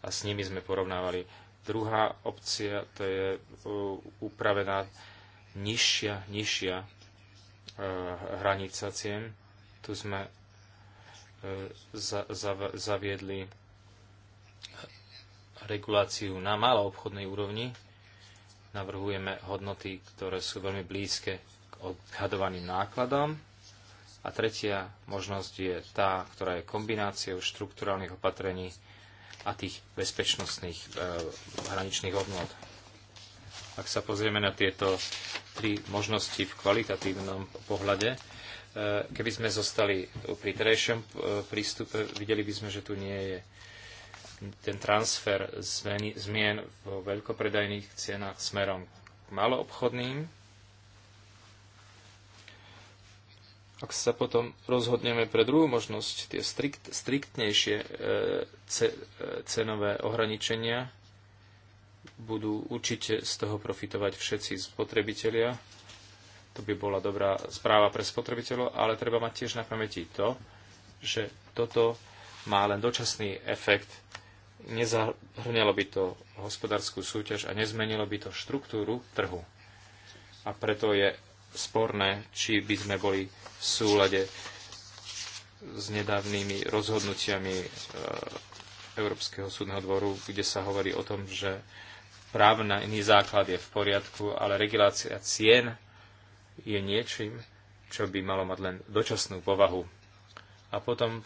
A s nimi sme porovnávali. Druhá opcia to je eh, upravená nižšia, nižšia eh, hranica cien. Tu sme zaviedli reguláciu na obchodnej úrovni. Navrhujeme hodnoty, ktoré sú veľmi blízke k odhadovaným nákladom a tretia možnosť je tá, ktorá je kombináciou štruktúrálnych opatrení a tých bezpečnostných e, hraničných hodnot. Ak sa pozrieme na tieto tri možnosti v kvalitatívnom pohľade, e, keby sme zostali pri terejšom e, prístupe, videli by sme, že tu nie je ten transfer zmien vo veľkopredajných cenách smerom k maloobchodným Ak sa potom rozhodneme pre druhú možnosť, tie strikt, striktnejšie e, ce, e, cenové ohraničenia, budú určite z toho profitovať všetci spotrebitelia. To by bola dobrá správa pre spotrebiteľov, ale treba mať tiež na pamäti to, že toto má len dočasný efekt. Nezahrňalo by to hospodárskú súťaž a nezmenilo by to štruktúru trhu. A preto je sporné, či by sme boli v súlade s nedávnymi rozhodnutiami e, Európskeho súdneho dvoru, kde sa hovorí o tom, že právny základ je v poriadku, ale regulácia cien je niečím, čo by malo mať len dočasnú povahu. A potom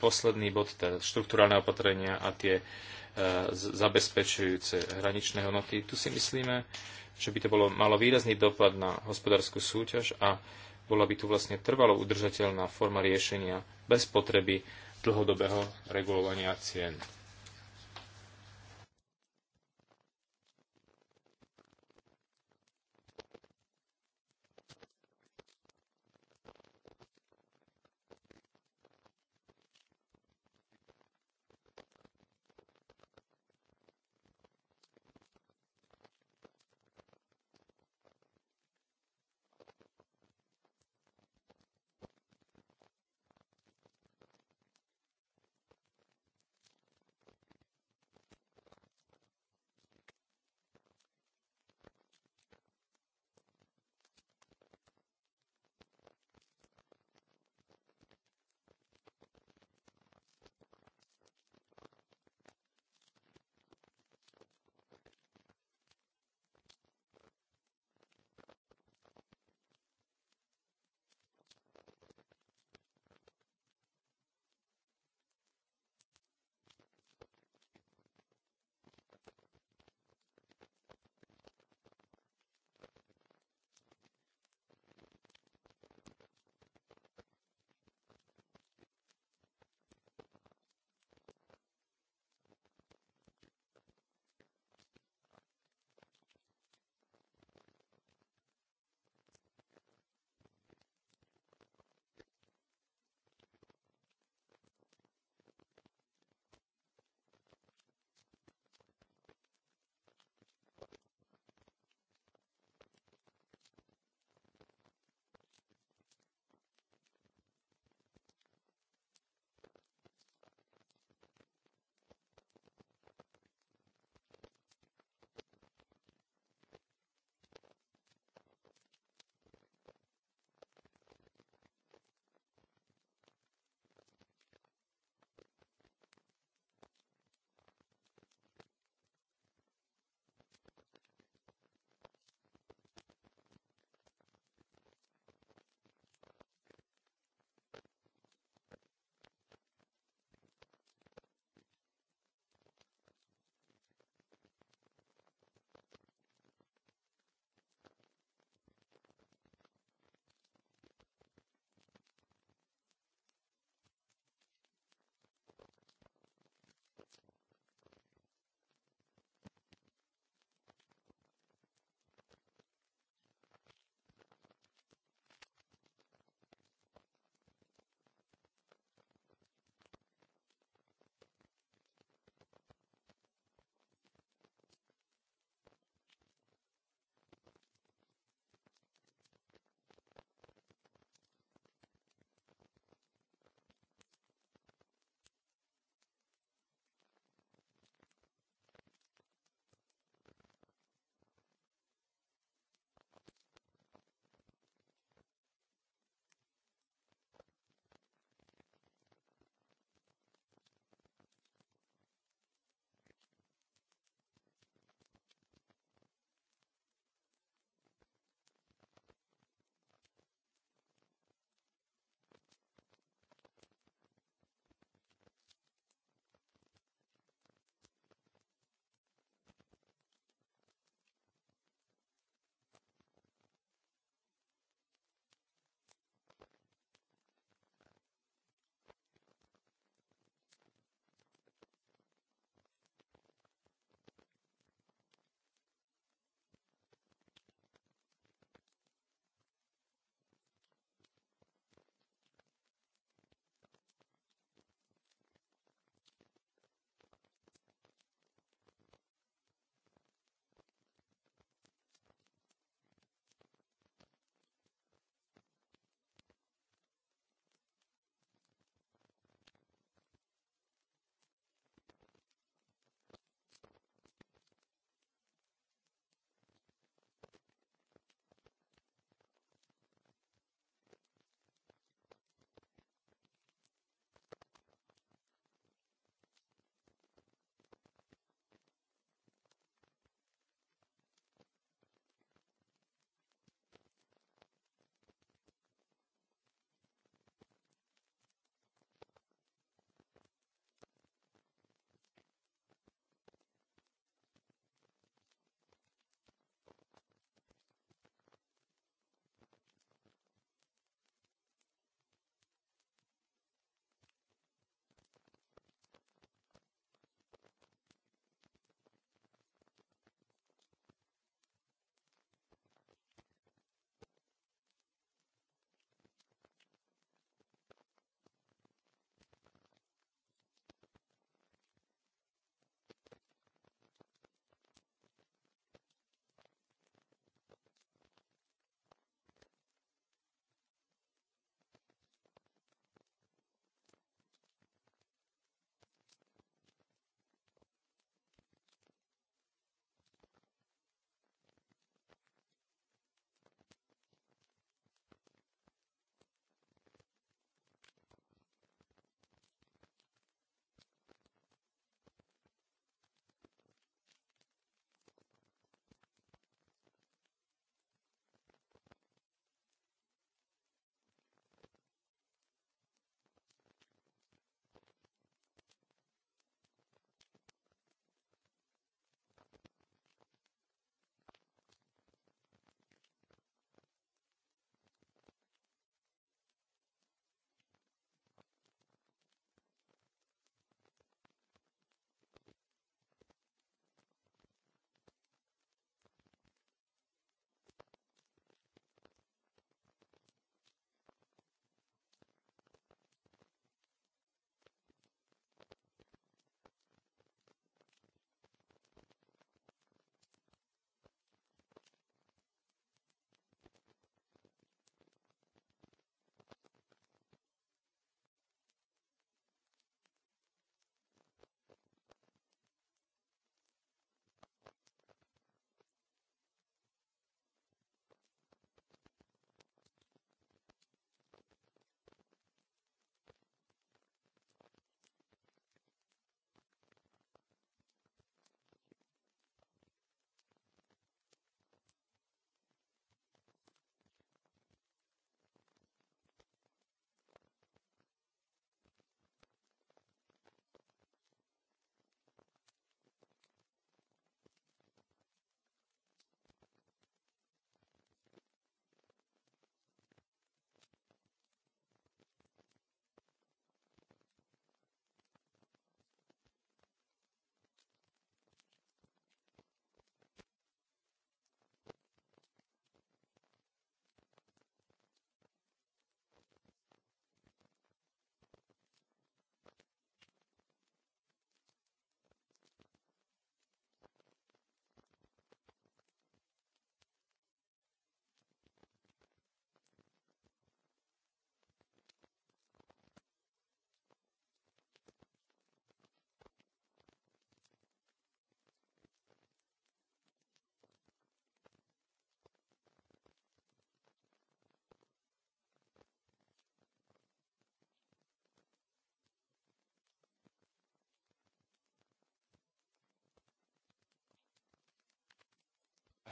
posledný bod, teda štruktúrálne opatrenia a tie e, zabezpečujúce hraničné hodnoty. Tu si myslíme, že by to bolo, malo výrazný dopad na hospodárskú súťaž a bola by tu vlastne trvalo udržateľná forma riešenia bez potreby dlhodobého regulovania cien.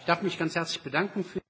Ich darf mich ganz herzlich bedanken für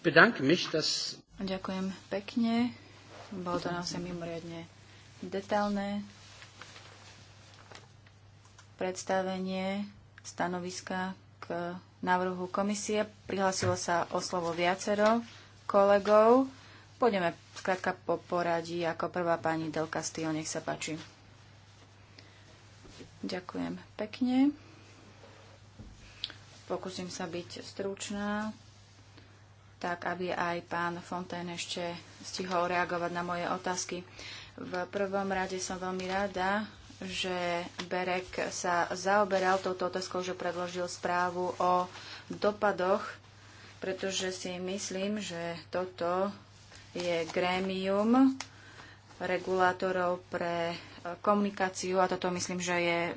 Ďakujem pekne. Bolo to naozaj mimoriadne detailné predstavenie stanoviska k návrhu komisie. Prihlasilo sa o slovo viacero kolegov. Pôjdeme skrátka po poradí ako prvá pani Del Castillo. Nech sa páči. Ďakujem pekne. Pokúsim sa byť stručná tak aby aj pán Fontén ešte stihol reagovať na moje otázky. V prvom rade som veľmi rada, že Berek sa zaoberal touto otázkou, že predložil správu o dopadoch, pretože si myslím, že toto je grémium regulátorov pre komunikáciu a toto myslím, že je mm,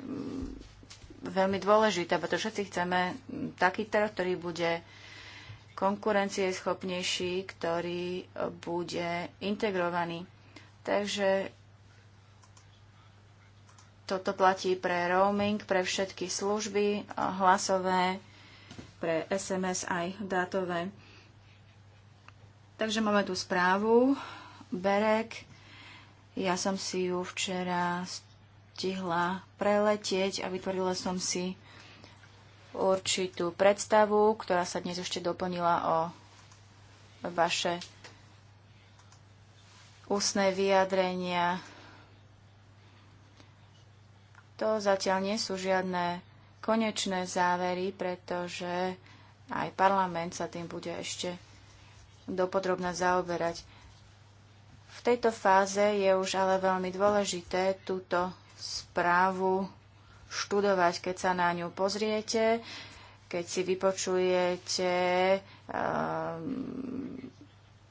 veľmi dôležité, pretože všetci chceme taký trh, ktorý bude konkurencieschopnejší, ktorý e, bude integrovaný. Takže toto platí pre roaming, pre všetky služby, e, hlasové, pre SMS aj dátové. Takže máme tu správu. Berek. Ja som si ju včera stihla preletieť a vytvorila som si určitú predstavu, ktorá sa dnes ešte doplnila o vaše ústne vyjadrenia. To zatiaľ nie sú žiadne konečné závery, pretože aj parlament sa tým bude ešte dopodrobne zaoberať. V tejto fáze je už ale veľmi dôležité túto správu študovať, keď sa na ňu pozriete, keď si vypočujete uh,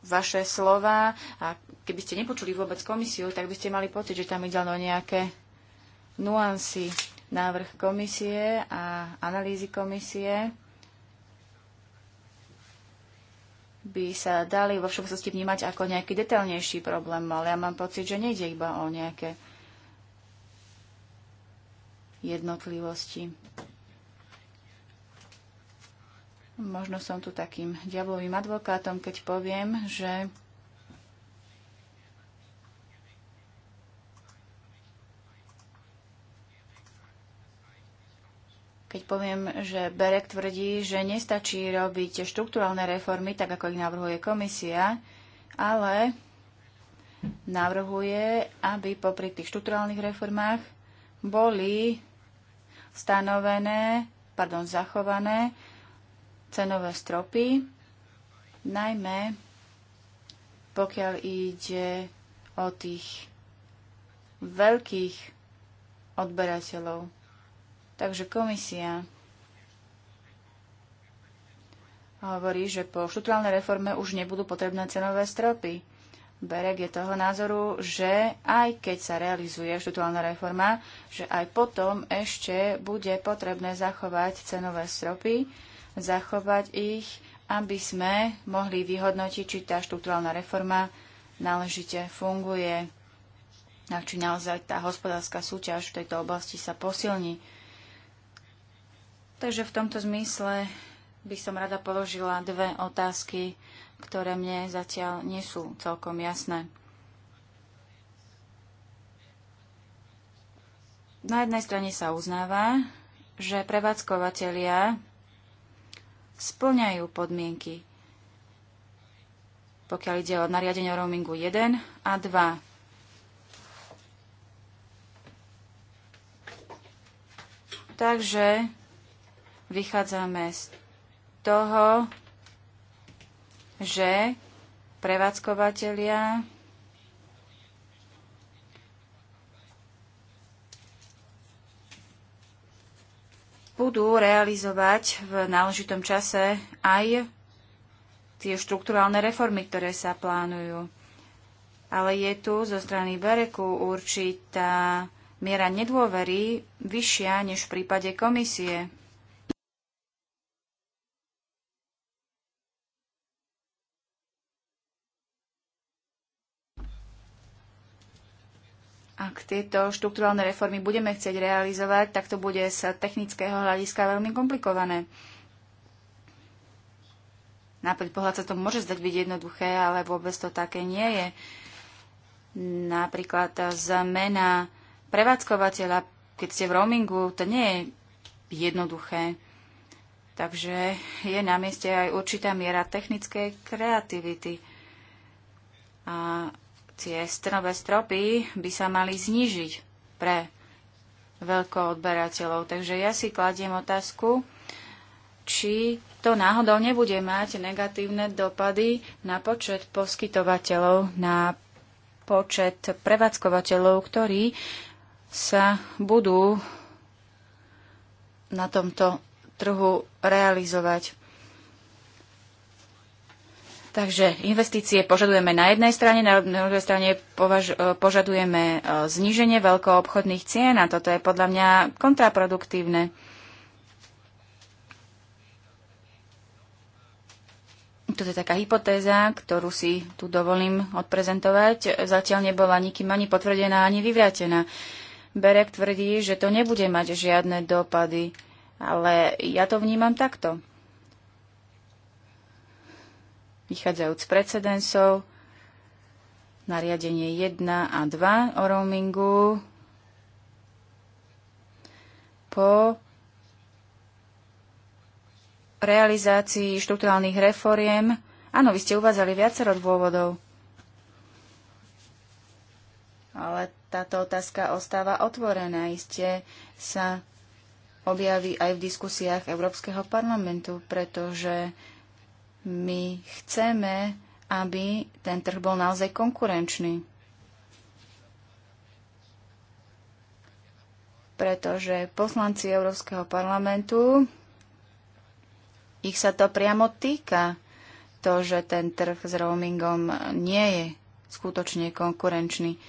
vaše slova a keby ste nepočuli vôbec komisiu, tak by ste mali pocit, že tam ide o nejaké nuancy návrh komisie a analýzy komisie by sa dali vo všeobecnosti vnímať ako nejaký detailnejší problém, ale ja mám pocit, že nejde iba o nejaké jednotlivosti. Možno som tu takým diablovým advokátom, keď poviem, že keď poviem, že Berek tvrdí, že nestačí robiť štruktúralne reformy, tak ako ich navrhuje komisia, ale navrhuje, aby popri tých štruktúrálnych reformách boli stanovené, pardon, zachované cenové stropy, najmä pokiaľ ide o tých veľkých odberateľov. Takže komisia hovorí, že po štruktúrálnej reforme už nebudú potrebné cenové stropy. Berek je toho názoru, že aj keď sa realizuje štruktúrálna reforma, že aj potom ešte bude potrebné zachovať cenové stropy, zachovať ich, aby sme mohli vyhodnotiť, či tá štruktúrálna reforma náležite funguje a či naozaj tá hospodárska súťaž v tejto oblasti sa posilní. Takže v tomto zmysle by som rada položila dve otázky ktoré mne zatiaľ nie sú celkom jasné. Na jednej strane sa uznáva, že prevádzkovateľia splňajú podmienky, pokiaľ ide o nariadenie o roamingu 1 a 2. Takže vychádzame z toho, že prevádzkovateľia budú realizovať v náležitom čase aj tie štruktúrálne reformy, ktoré sa plánujú. Ale je tu zo strany Bereku určitá miera nedôvery vyššia než v prípade komisie. ak tieto štrukturálne reformy budeme chcieť realizovať, tak to bude z technického hľadiska veľmi komplikované. Na prvý pohľad sa to môže zdať byť jednoduché, ale vôbec to také nie je. Napríklad zmena prevádzkovateľa, keď ste v roamingu, to nie je jednoduché. Takže je na mieste aj určitá miera technickej kreativity. A tie cenové stropy by sa mali znižiť pre veľkoodberateľov. Takže ja si kladiem otázku, či to náhodou nebude mať negatívne dopady na počet poskytovateľov, na počet prevádzkovateľov, ktorí sa budú na tomto trhu realizovať. Takže investície požadujeme na jednej strane, na druhej strane považ, e, požadujeme e, zníženie veľkoobchodných cien a toto je podľa mňa kontraproduktívne. Toto je taká hypotéza, ktorú si tu dovolím odprezentovať. Zatiaľ nebola nikým ani potvrdená, ani vyvrátená. Berek tvrdí, že to nebude mať žiadne dopady, ale ja to vnímam takto vychádzajúc z precedensov, nariadenie 1 a 2 o roamingu po realizácii štruktúrálnych reforiem. Áno, vy ste uvádzali viacero dôvodov, ale táto otázka ostáva otvorená. Iste sa objaví aj v diskusiách Európskeho parlamentu, pretože my chceme, aby ten trh bol naozaj konkurenčný. Pretože poslanci Európskeho parlamentu, ich sa to priamo týka, to, že ten trh s roamingom nie je skutočne konkurenčný.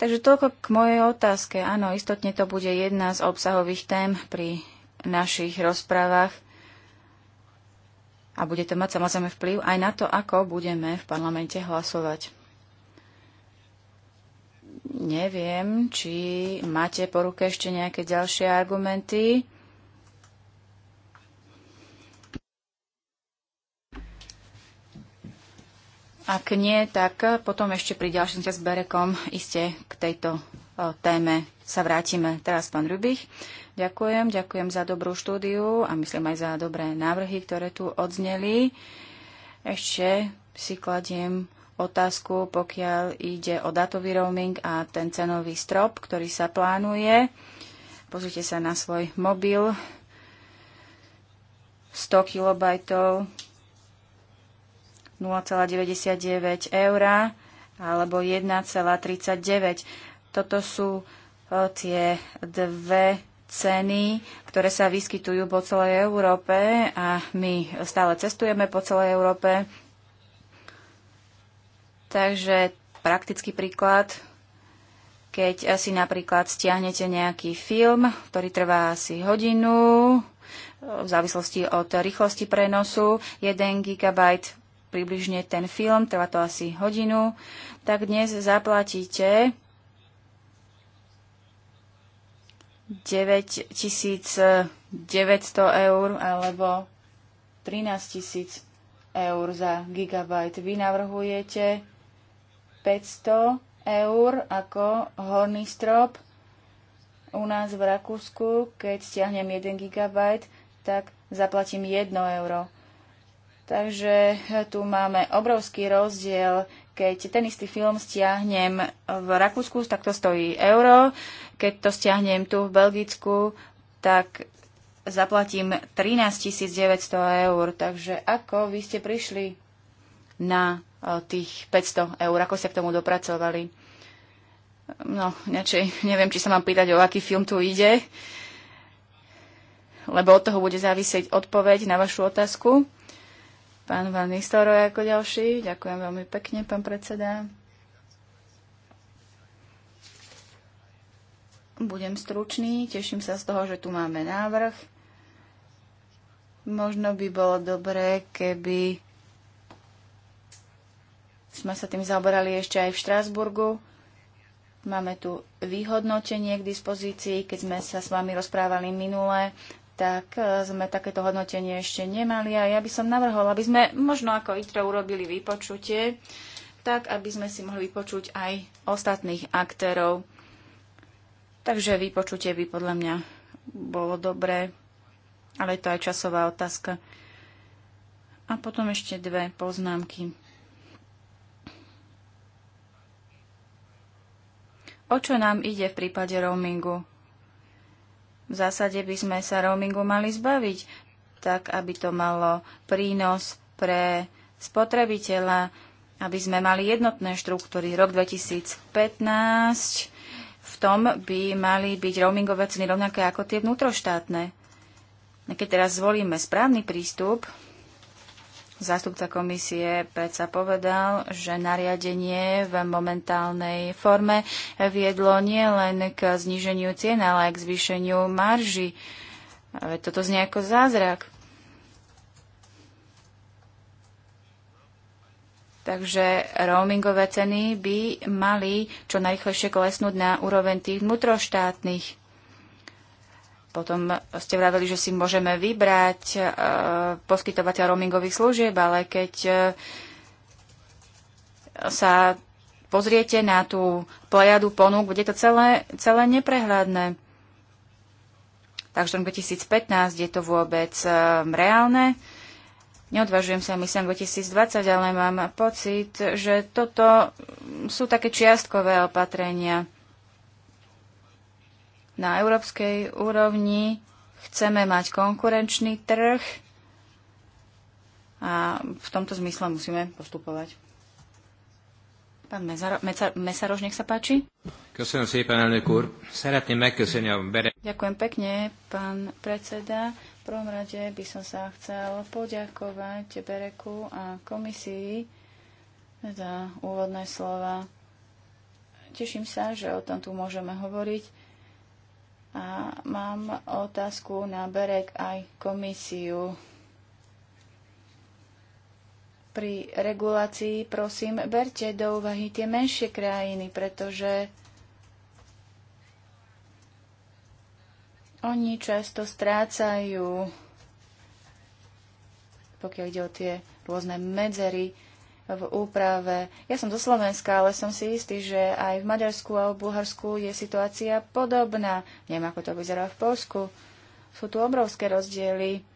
Takže toľko k mojej otázke. Áno, istotne to bude jedna z obsahových tém pri našich rozprávach a bude to mať samozrejme vplyv aj na to, ako budeme v parlamente hlasovať. Neviem, či máte po ruke ešte nejaké ďalšie argumenty. Ak nie, tak potom ešte pri ďalším s Berekom iste k tejto téme sa vrátime. Teraz pán Rubich. Ďakujem, ďakujem za dobrú štúdiu a myslím aj za dobré návrhy, ktoré tu odzneli. Ešte si kladiem otázku, pokiaľ ide o datový roaming a ten cenový strop, ktorý sa plánuje. Pozrite sa na svoj mobil. 100 kB 0,99 eur alebo 1,39 toto sú e, tie dve ceny, ktoré sa vyskytujú po celej Európe a my stále cestujeme po celej Európe. Takže praktický príklad, keď si napríklad stiahnete nejaký film, ktorý trvá asi hodinu, v závislosti od rýchlosti prenosu, 1 GB približne ten film, trvá to asi hodinu, tak dnes zaplatíte 9900 eur alebo 13 tisíc eur za gigabajt. Vy navrhujete 500 eur ako horný strop. U nás v Rakúsku, keď stiahnem 1 gigabajt, tak zaplatím 1 euro. Takže tu máme obrovský rozdiel. Keď ten istý film stiahnem v Rakúsku, tak to stojí euro. Keď to stiahnem tu v Belgicku, tak zaplatím 13 900 eur. Takže ako vy ste prišli na eh, tých 500 eur? Ako ste k tomu dopracovali? No, nečej, neviem, či sa mám pýtať, o aký film tu ide, lebo od toho bude závisieť odpoveď na vašu otázku. Pán Van Nistelrooy ako ďalší. Ďakujem veľmi pekne, pán predseda. Budem stručný, teším sa z toho, že tu máme návrh. Možno by bolo dobré, keby sme sa tým zaoberali ešte aj v Štrásburgu. Máme tu vyhodnotenie k dispozícii. Keď sme sa s vami rozprávali minule, tak e, sme takéto hodnotenie ešte nemali a ja by som navrhol, aby sme možno ako ITRO urobili vypočutie, tak aby sme si mohli vypočuť aj ostatných aktérov. Takže vypočutie by podľa mňa bolo dobré, ale je to aj časová otázka. A potom ešte dve poznámky. O čo nám ide v prípade roamingu? V zásade by sme sa roamingu mali zbaviť, tak aby to malo prínos pre spotrebiteľa, aby sme mali jednotné štruktúry. Rok 2015 tom by mali byť roamingové ceny rovnaké ako tie vnútroštátne. Keď teraz zvolíme správny prístup, zástupca komisie predsa povedal, že nariadenie v momentálnej forme viedlo nielen k zníženiu cien, ale aj k zvýšeniu marži. Toto znie ako zázrak. Takže roamingové ceny by mali čo najrychlejšie klesnúť na úroveň tých vnútroštátnych. Potom ste vraveli, že si môžeme vybrať e, poskytovateľ roamingových služieb, ale keď e, sa pozriete na tú plejadu ponúk, bude to celé, celé neprehľadné. Takže v 2015 je to vôbec e, reálne. E, Neodvažujem sa myslím 2020, ale mám pocit, že toto sú také čiastkové opatrenia. Na európskej úrovni chceme mať konkurenčný trh a v tomto zmysle musíme postupovať. Pán Mesaroš, nech sa páči. Ďakujem pekne, pán predseda prvom rade by som sa chcel poďakovať Bereku a komisii za úvodné slova. Teším sa, že o tom tu môžeme hovoriť. A mám otázku na Berek aj komisiu. Pri regulácii, prosím, berte do úvahy tie menšie krajiny, pretože Oni často strácajú, pokiaľ ide o tie rôzne medzery v úprave. Ja som zo Slovenska, ale som si istý, že aj v Maďarsku a v Bulharsku je situácia podobná. Neviem, ako to vyzerá v Polsku. Sú tu obrovské rozdiely,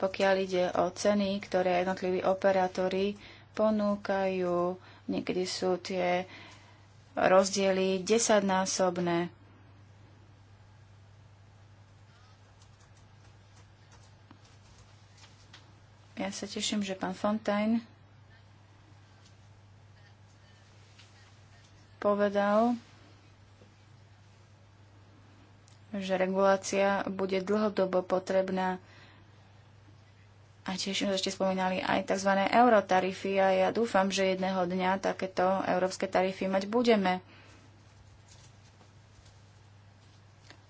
pokiaľ ide o ceny, ktoré jednotliví operátori ponúkajú. Niekedy sú tie rozdiely desaťnásobné. Ja sa teším, že pán Fontaine povedal, že regulácia bude dlhodobo potrebná. A tiež sme ešte spomínali aj tzv. eurotarify a ja dúfam, že jedného dňa takéto európske tarify mať budeme.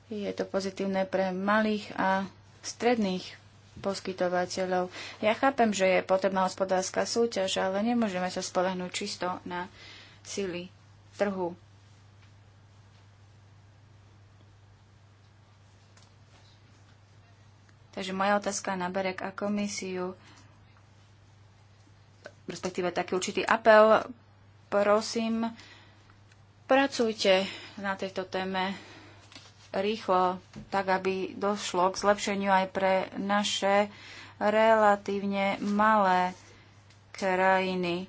Je to pozitívne pre malých a stredných poskytovateľov. Ja chápem, že je potrebná hospodárska súťaž, ale nemôžeme sa spolehnúť čisto na sily trhu. Takže moja otázka na Berek a komisiu, respektíve taký určitý apel, prosím, pracujte na tejto téme rýchlo, tak aby došlo k zlepšeniu aj pre naše relatívne malé krajiny.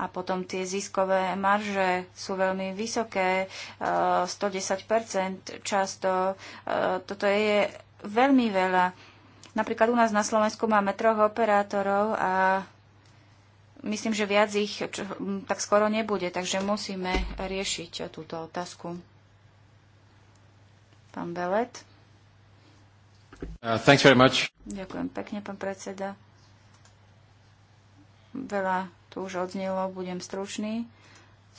A potom tie ziskové marže sú veľmi vysoké, 110 eh, často. Eh, toto je veľmi veľa. Napríklad u nás na Slovensku máme troch operátorov a myslím, že viac ich tak skoro nebude, takže musíme riešiť eh, túto otázku. Pán Belet. Uh, thanks very much. Ďakujem pekne, pán predseda. Veľa tu už odznelo, budem stručný.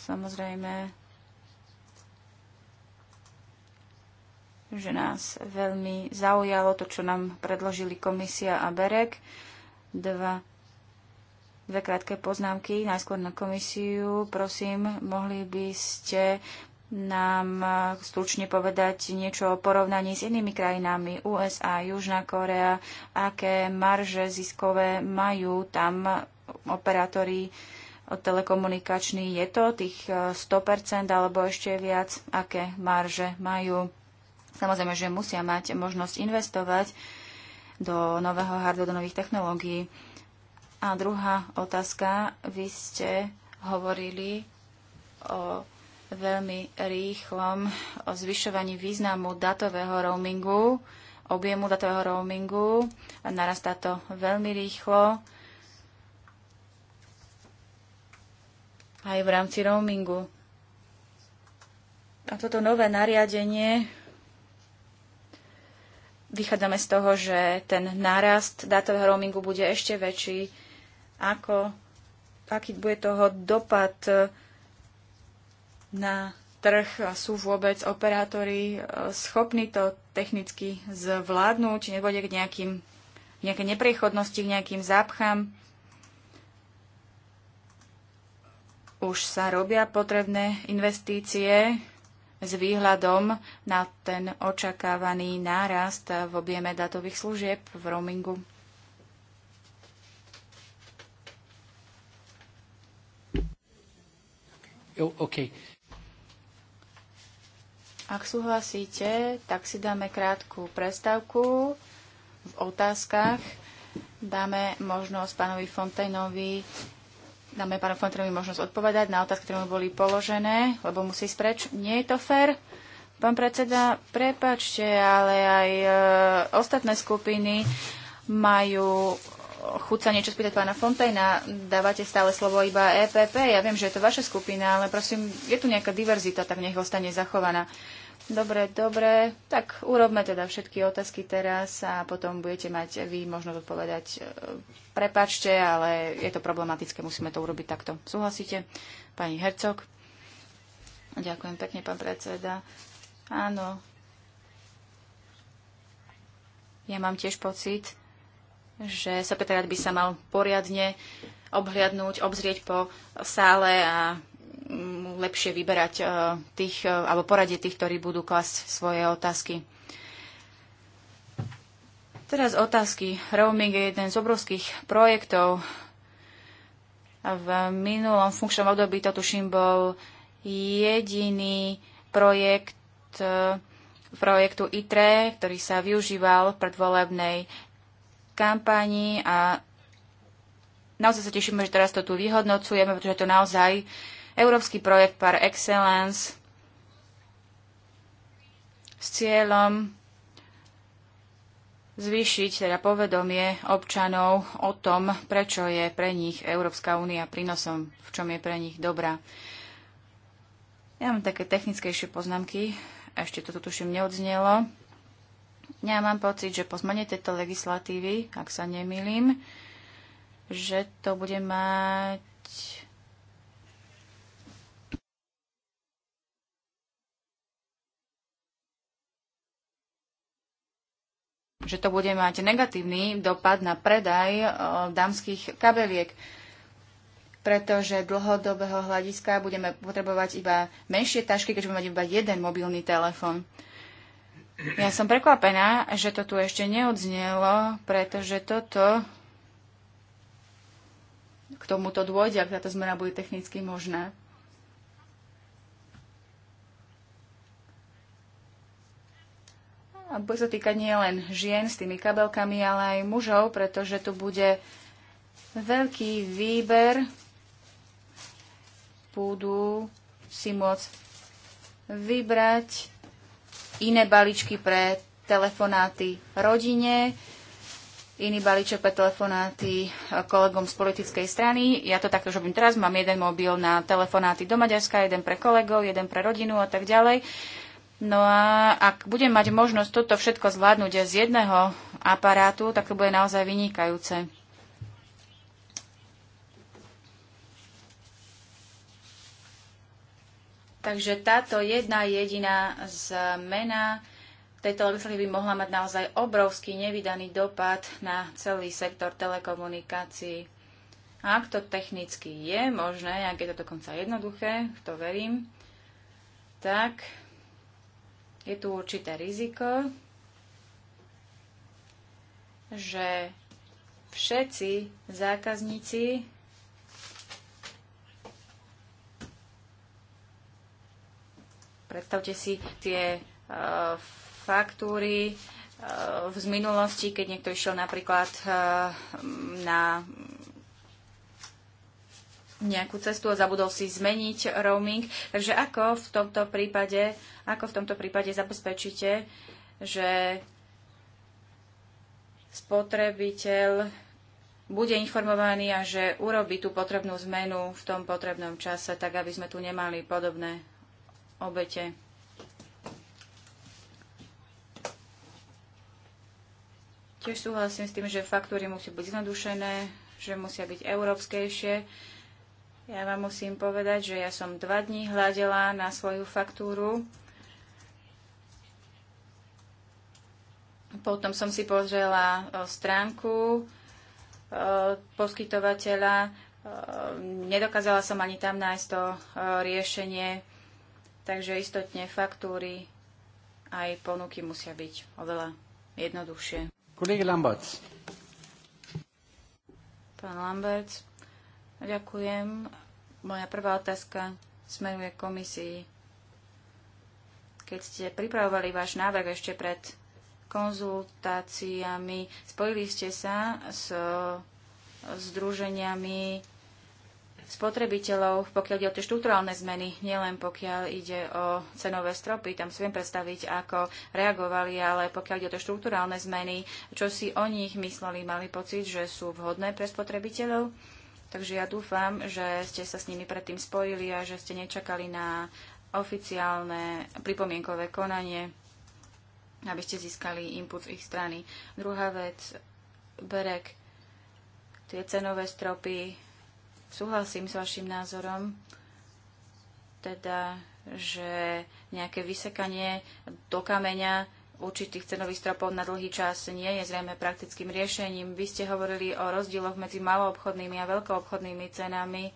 Samozrejme, že nás veľmi zaujalo to, čo nám predložili komisia a Berek. Dva, dve krátke poznámky, najskôr na komisiu. Prosím, mohli by ste nám e, stručne povedať niečo o porovnaní s inými krajinami, USA, Južná Korea, aké marže ziskové majú tam operátori e, telekomunikační. Je to tých 100% e, alebo ešte viac, aké marže majú. Samozrejme, že musia mať možnosť investovať do nového hardware, do nových technológií. A druhá otázka, vy ste hovorili o veľmi rýchlom zvyšovaní významu datového roamingu, objemu datového roamingu. Narastá to veľmi rýchlo aj v rámci roamingu. A toto nové nariadenie vychádzame z toho, že ten nárast dátového roamingu bude ešte väčší, ako aký bude toho dopad na trh a sú vôbec operátori e, schopní to technicky zvládnuť, či nebude k nejakým, nejaké neprechodnosti, k nejakým zápchám. Už sa robia potrebné investície s výhľadom na ten očakávaný nárast v objeme datových služieb v roamingu. Okay. Oh, ak súhlasíte, tak si dáme krátku prestávku v otázkach. Dáme možnosť pánovi Fontajnovi dáme pánu Fontejnovi možnosť odpovedať na otázky, ktoré mu boli položené, lebo musí ísť preč. Nie je to fér. Pán predseda, prepačte, ale aj e, ostatné skupiny majú chuť sa niečo spýtať pána Fontajna, Dávate stále slovo iba EPP. Ja viem, že je to vaša skupina, ale prosím, je tu nejaká diverzita, tak nech ostane zachovaná. Dobre, dobre, tak urobme teda všetky otázky teraz a potom budete mať vy možnosť odpovedať. E, Prepačte, ale je to problematické, musíme to urobiť takto. Súhlasíte? Pani Hercog? Ďakujem pekne, pán predseda. Áno. Ja mám tiež pocit, že sekretariat by sa mal poriadne obhliadnúť, obzrieť po sále a lepšie vyberať e, tých, e, alebo poradiť tých, ktorí budú klasť svoje otázky. Teraz otázky. Roaming je jeden z obrovských projektov. V minulom funkčnom období to tuším bol jediný projekt e, projektu ITRE, ktorý sa využíval v predvolebnej kampani a naozaj sa tešíme, že teraz to tu vyhodnocujeme, pretože to naozaj európsky projekt par excellence s cieľom zvýšiť teda povedomie občanov o tom, prečo je pre nich Európska únia prínosom, v čom je pre nich dobrá. Ja mám také technickejšie poznámky, ešte to tu tuším neodznelo. Ja mám pocit, že po zmene tejto legislatívy, ak sa nemýlim, že to bude mať že to bude mať negatívny dopad na predaj eh, dámskych kabeliek, pretože dlhodobého hľadiska budeme potrebovať iba menšie tašky, keďže budeme mať iba jeden mobilný telefón. Ja som prekvapená, že to tu ešte neodznelo, pretože toto k tomuto dôjde, ak táto zmena bude technicky možná. A bude sa týkať nielen žien s tými kabelkami, ale aj mužov, pretože tu bude veľký výber. Budú si môcť vybrať iné baličky pre telefonáty rodine, iný balíček pre telefonáty e, kolegom z politickej strany. Ja to takto robím teraz, mám jeden mobil na telefonáty do Maďarska, jeden pre kolegov, jeden pre rodinu a tak ďalej. No a ak budem mať možnosť toto všetko zvládnuť z jedného aparátu, tak to bude naozaj vynikajúce. Takže táto jedna jediná zmena tejto legislatívy mohla mať naozaj obrovský nevydaný dopad na celý sektor telekomunikácií. A ak to technicky je možné, ak je to dokonca jednoduché, v to verím, tak je tu určité riziko, že všetci zákazníci predstavte si tie uh, faktúry uh, z minulosti, keď niekto išiel napríklad uh, na nejakú cestu a zabudol si zmeniť roaming. Takže ako v tomto prípade, ako v tomto prípade zabezpečíte, že spotrebiteľ bude informovaný a že urobí tú potrebnú zmenu v tom potrebnom čase, tak aby sme tu nemali podobné obete. Tiež súhlasím s tým, že faktúry musí byť zjednodušené, že musia byť európskejšie ja vám musím povedať, že ja som dva dní hľadela na svoju faktúru. Potom som si pozrela e, stránku e, poskytovateľa. E, nedokázala som ani tam nájsť to riešenie, takže istotne faktúry aj ponuky musia byť oveľa jednoduchšie. Kolega Lamberts. Pán Lamberts, ďakujem. Moja prvá otázka smeruje komisii. Keď ste pripravovali váš návrh ešte pred konzultáciami, spojili ste sa s združeniami spotrebiteľov, pokiaľ ide o tie štruktúralné zmeny, nielen pokiaľ ide o cenové stropy, tam si viem predstaviť, ako reagovali, ale pokiaľ ide o tie štruktúralné zmeny, čo si o nich mysleli, mali pocit, že sú vhodné pre spotrebiteľov? Takže ja dúfam, že ste sa s nimi predtým spojili a že ste nečakali na oficiálne pripomienkové konanie, aby ste získali input z ich strany. Druhá vec, Berek, tie cenové stropy, súhlasím s vašim názorom, teda, že nejaké vysekanie do kameňa určitých cenových stropov na dlhý čas nie je zrejme praktickým riešením. Vy ste hovorili o rozdieloch medzi maloobchodnými a veľkoobchodnými cenami.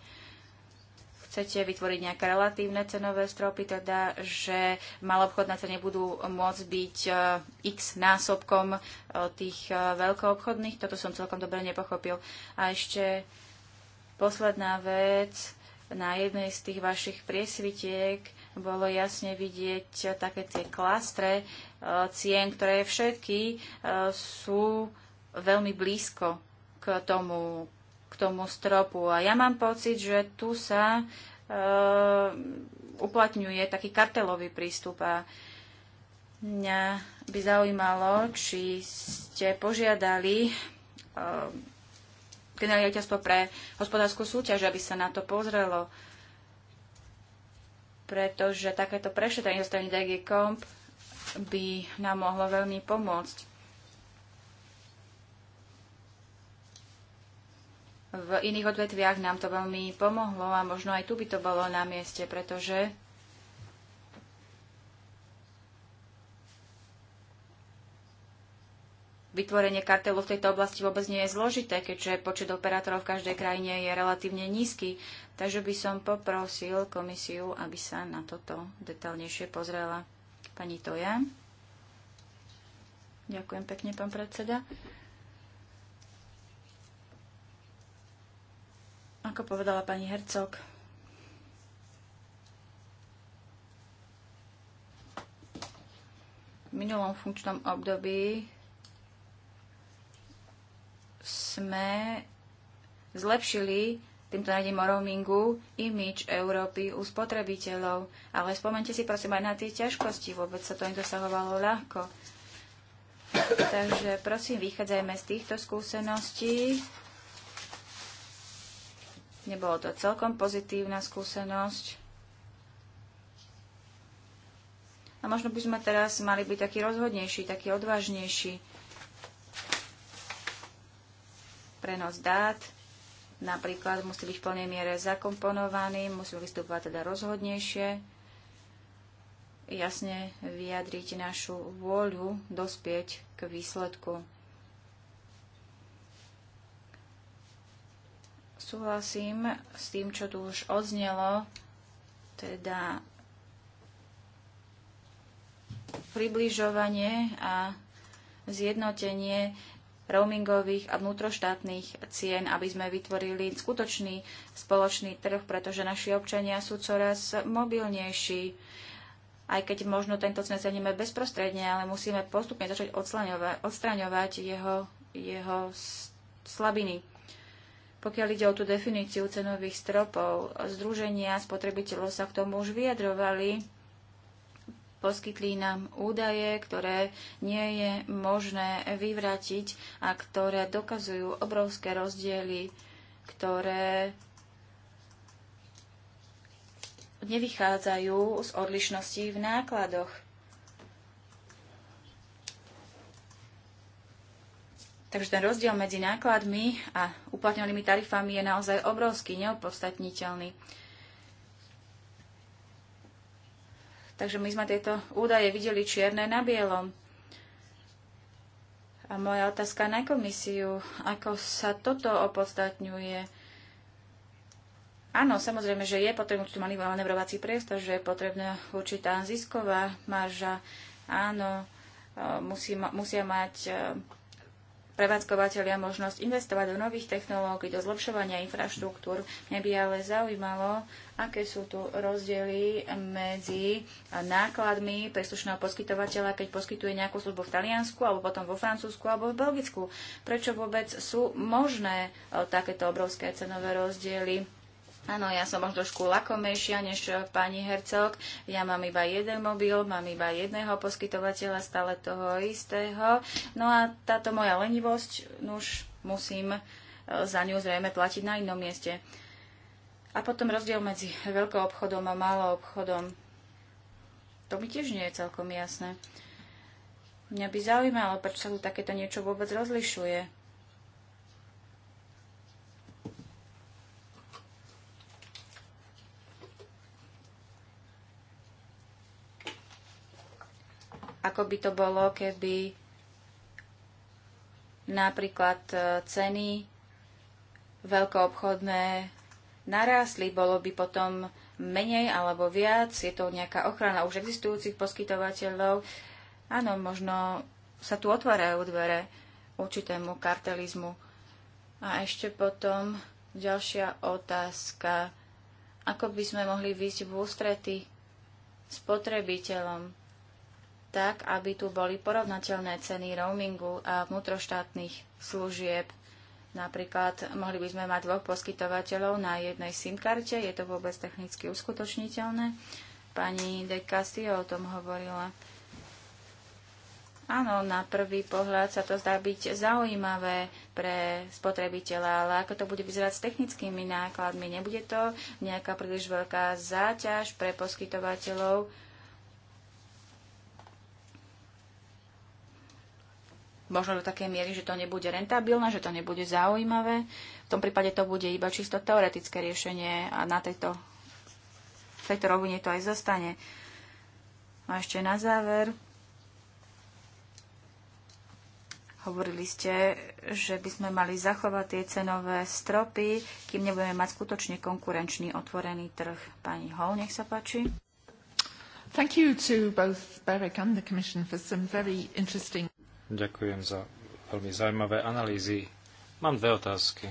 Chcete vytvoriť nejaké relatívne cenové stropy, teda, že maloobchodné ceny budú môcť byť e, x násobkom e, tých e, veľkoobchodných? Toto som celkom dobre nepochopil. A ešte posledná vec. Na jednej z tých vašich priesvitiek bolo jasne vidieť také tie klastre e, cien, ktoré všetky e, sú veľmi blízko k tomu, k tomu stropu. A ja mám pocit, že tu sa e, uplatňuje taký kartelový prístup a mňa by zaujímalo, či ste požiadali generálne pre hospodárskú súťaž, aby sa na to pozrelo pretože takéto prešetrenie zo strany DG Comp by nám mohlo veľmi pomôcť. V iných odvetviach nám to veľmi pomohlo a možno aj tu by to bolo na mieste, pretože vytvorenie kartelu v tejto oblasti vôbec nie je zložité, keďže počet operátorov v každej krajine je relatívne nízky. Takže by som poprosil komisiu, aby sa na toto detálnejšie pozrela. Pani Toja. Ďakujem pekne, pán predseda. Ako povedala pani Hercog, v minulom funkčnom období sme zlepšili týmto nájdem o roamingu, imič Európy u spotrebiteľov. Ale spomente si prosím aj na tie ťažkosti, vôbec sa to nedosahovalo ľahko. Takže prosím, vychádzajme z týchto skúseností. Nebolo to celkom pozitívna skúsenosť. A možno by sme teraz mali byť takí rozhodnejší, takí odvážnejší. Prenos dát, napríklad musí byť v plnej miere zakomponovaný, musí vystupovať teda rozhodnejšie, jasne vyjadriť našu vôľu dospieť k výsledku. Súhlasím s tým, čo tu už odznelo, teda približovanie a zjednotenie roamingových a vnútroštátnych cien, aby sme vytvorili skutočný spoločný trh, pretože naši občania sú coraz mobilnejší. Aj keď možno tento cen ceníme bezprostredne, ale musíme postupne začať odstraňovať jeho, jeho slabiny. Pokiaľ ide o tú definíciu cenových stropov, združenia spotrebiteľov sa k tomu už vyjadrovali poskytli nám údaje, ktoré nie je možné vyvratiť a ktoré dokazujú obrovské rozdiely, ktoré nevychádzajú z odlišností v nákladoch. Takže ten rozdiel medzi nákladmi a uplatňovanými tarifami je naozaj obrovský, neopodstatniteľný. Takže my sme tieto údaje videli čierne na bielom. A moja otázka na komisiu, ako sa toto opodstatňuje? Áno, samozrejme, že je potrebný určitý manevrovací priestor, že je potrebná určitá zisková marža. Áno, e, musí, musia mať e, prevádzkovateľia možnosť investovať do nových technológií, do zlepšovania infraštruktúr. Mne by ale zaujímalo, aké sú tu rozdiely medzi nákladmi príslušného poskytovateľa, keď poskytuje nejakú službu v Taliansku, alebo potom vo Francúzsku, alebo v Belgicku. Prečo vôbec sú možné eh, takéto obrovské cenové rozdiely? Áno, ja som možno trošku lakomejšia než pani Hercog. Ja mám iba jeden mobil, mám iba jedného poskytovateľa, stále toho istého. No a táto moja lenivosť, už musím e, za ňu zrejme platiť na inom mieste. A potom rozdiel medzi veľkou obchodom a malou obchodom. To mi tiež nie je celkom jasné. Mňa by zaujímalo, prečo sa tu takéto niečo vôbec rozlišuje. Ako by to bolo, keby napríklad e, ceny veľkoobchodné narástli, bolo by potom menej alebo viac, je to nejaká ochrana už existujúcich poskytovateľov. Áno, možno sa tu otvárajú dvere určitému kartelizmu. A ešte potom ďalšia otázka. Ako by sme mohli výjsť v ústrety spotrebiteľom? tak, aby tu boli porovnateľné ceny roamingu a vnútroštátnych služieb. Napríklad mohli by sme mať dvoch poskytovateľov na jednej SIM karte, je to vôbec technicky uskutočniteľné. Pani De Castillo o tom hovorila. Áno, na prvý pohľad sa to zdá byť zaujímavé pre spotrebiteľa, ale ako to bude vyzerať s technickými nákladmi? Nebude to nejaká príliš veľká záťaž pre poskytovateľov? možno do takej miery, že to nebude rentabilné, že to nebude zaujímavé. V tom prípade to bude iba čisto teoretické riešenie a na tejto, tejto rovine to aj zostane. A ešte na záver. Hovorili ste, že by sme mali zachovať tie cenové stropy, kým nebudeme mať skutočne konkurenčný otvorený trh. Pani Hol, nech sa páči. Thank you to both Berek and the Commission for some very interesting Ďakujem za veľmi zaujímavé analýzy. Mám dve otázky.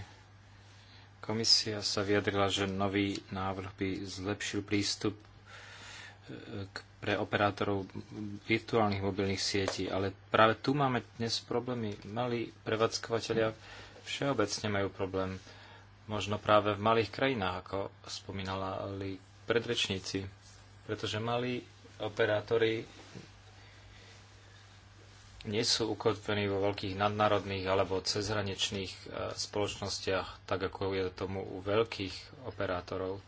Komisia sa vyjadrila, že nový návrh by zlepšil prístup e, k pre operátorov virtuálnych mobilných sietí, ale práve tu máme dnes problémy. Malí prevádzkovateľia všeobecne majú problém, možno práve v malých krajinách, ako spomínala predrečníci, pretože malí operátori nie sú ukotvení vo veľkých nadnárodných alebo cezhraničných e, spoločnostiach, tak ako je tomu u veľkých operátorov.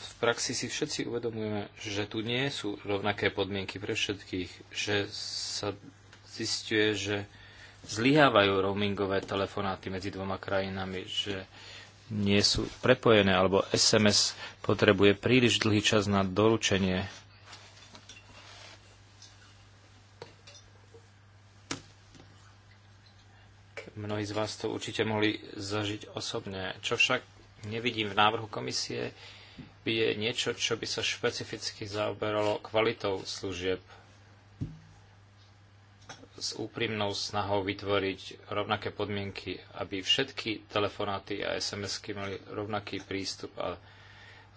V praxi si všetci uvedomujeme, že tu nie sú rovnaké podmienky pre všetkých, že sa zistuje, že zlyhávajú roamingové telefonáty medzi dvoma krajinami, že nie sú prepojené, alebo SMS potrebuje príliš dlhý čas na doručenie Mnohí z vás to určite mohli zažiť osobne. Čo však nevidím v návrhu komisie, je niečo, čo by sa špecificky zaoberalo kvalitou služieb s úprimnou snahou vytvoriť rovnaké podmienky, aby všetky telefonáty a SMS-ky mali rovnaký prístup a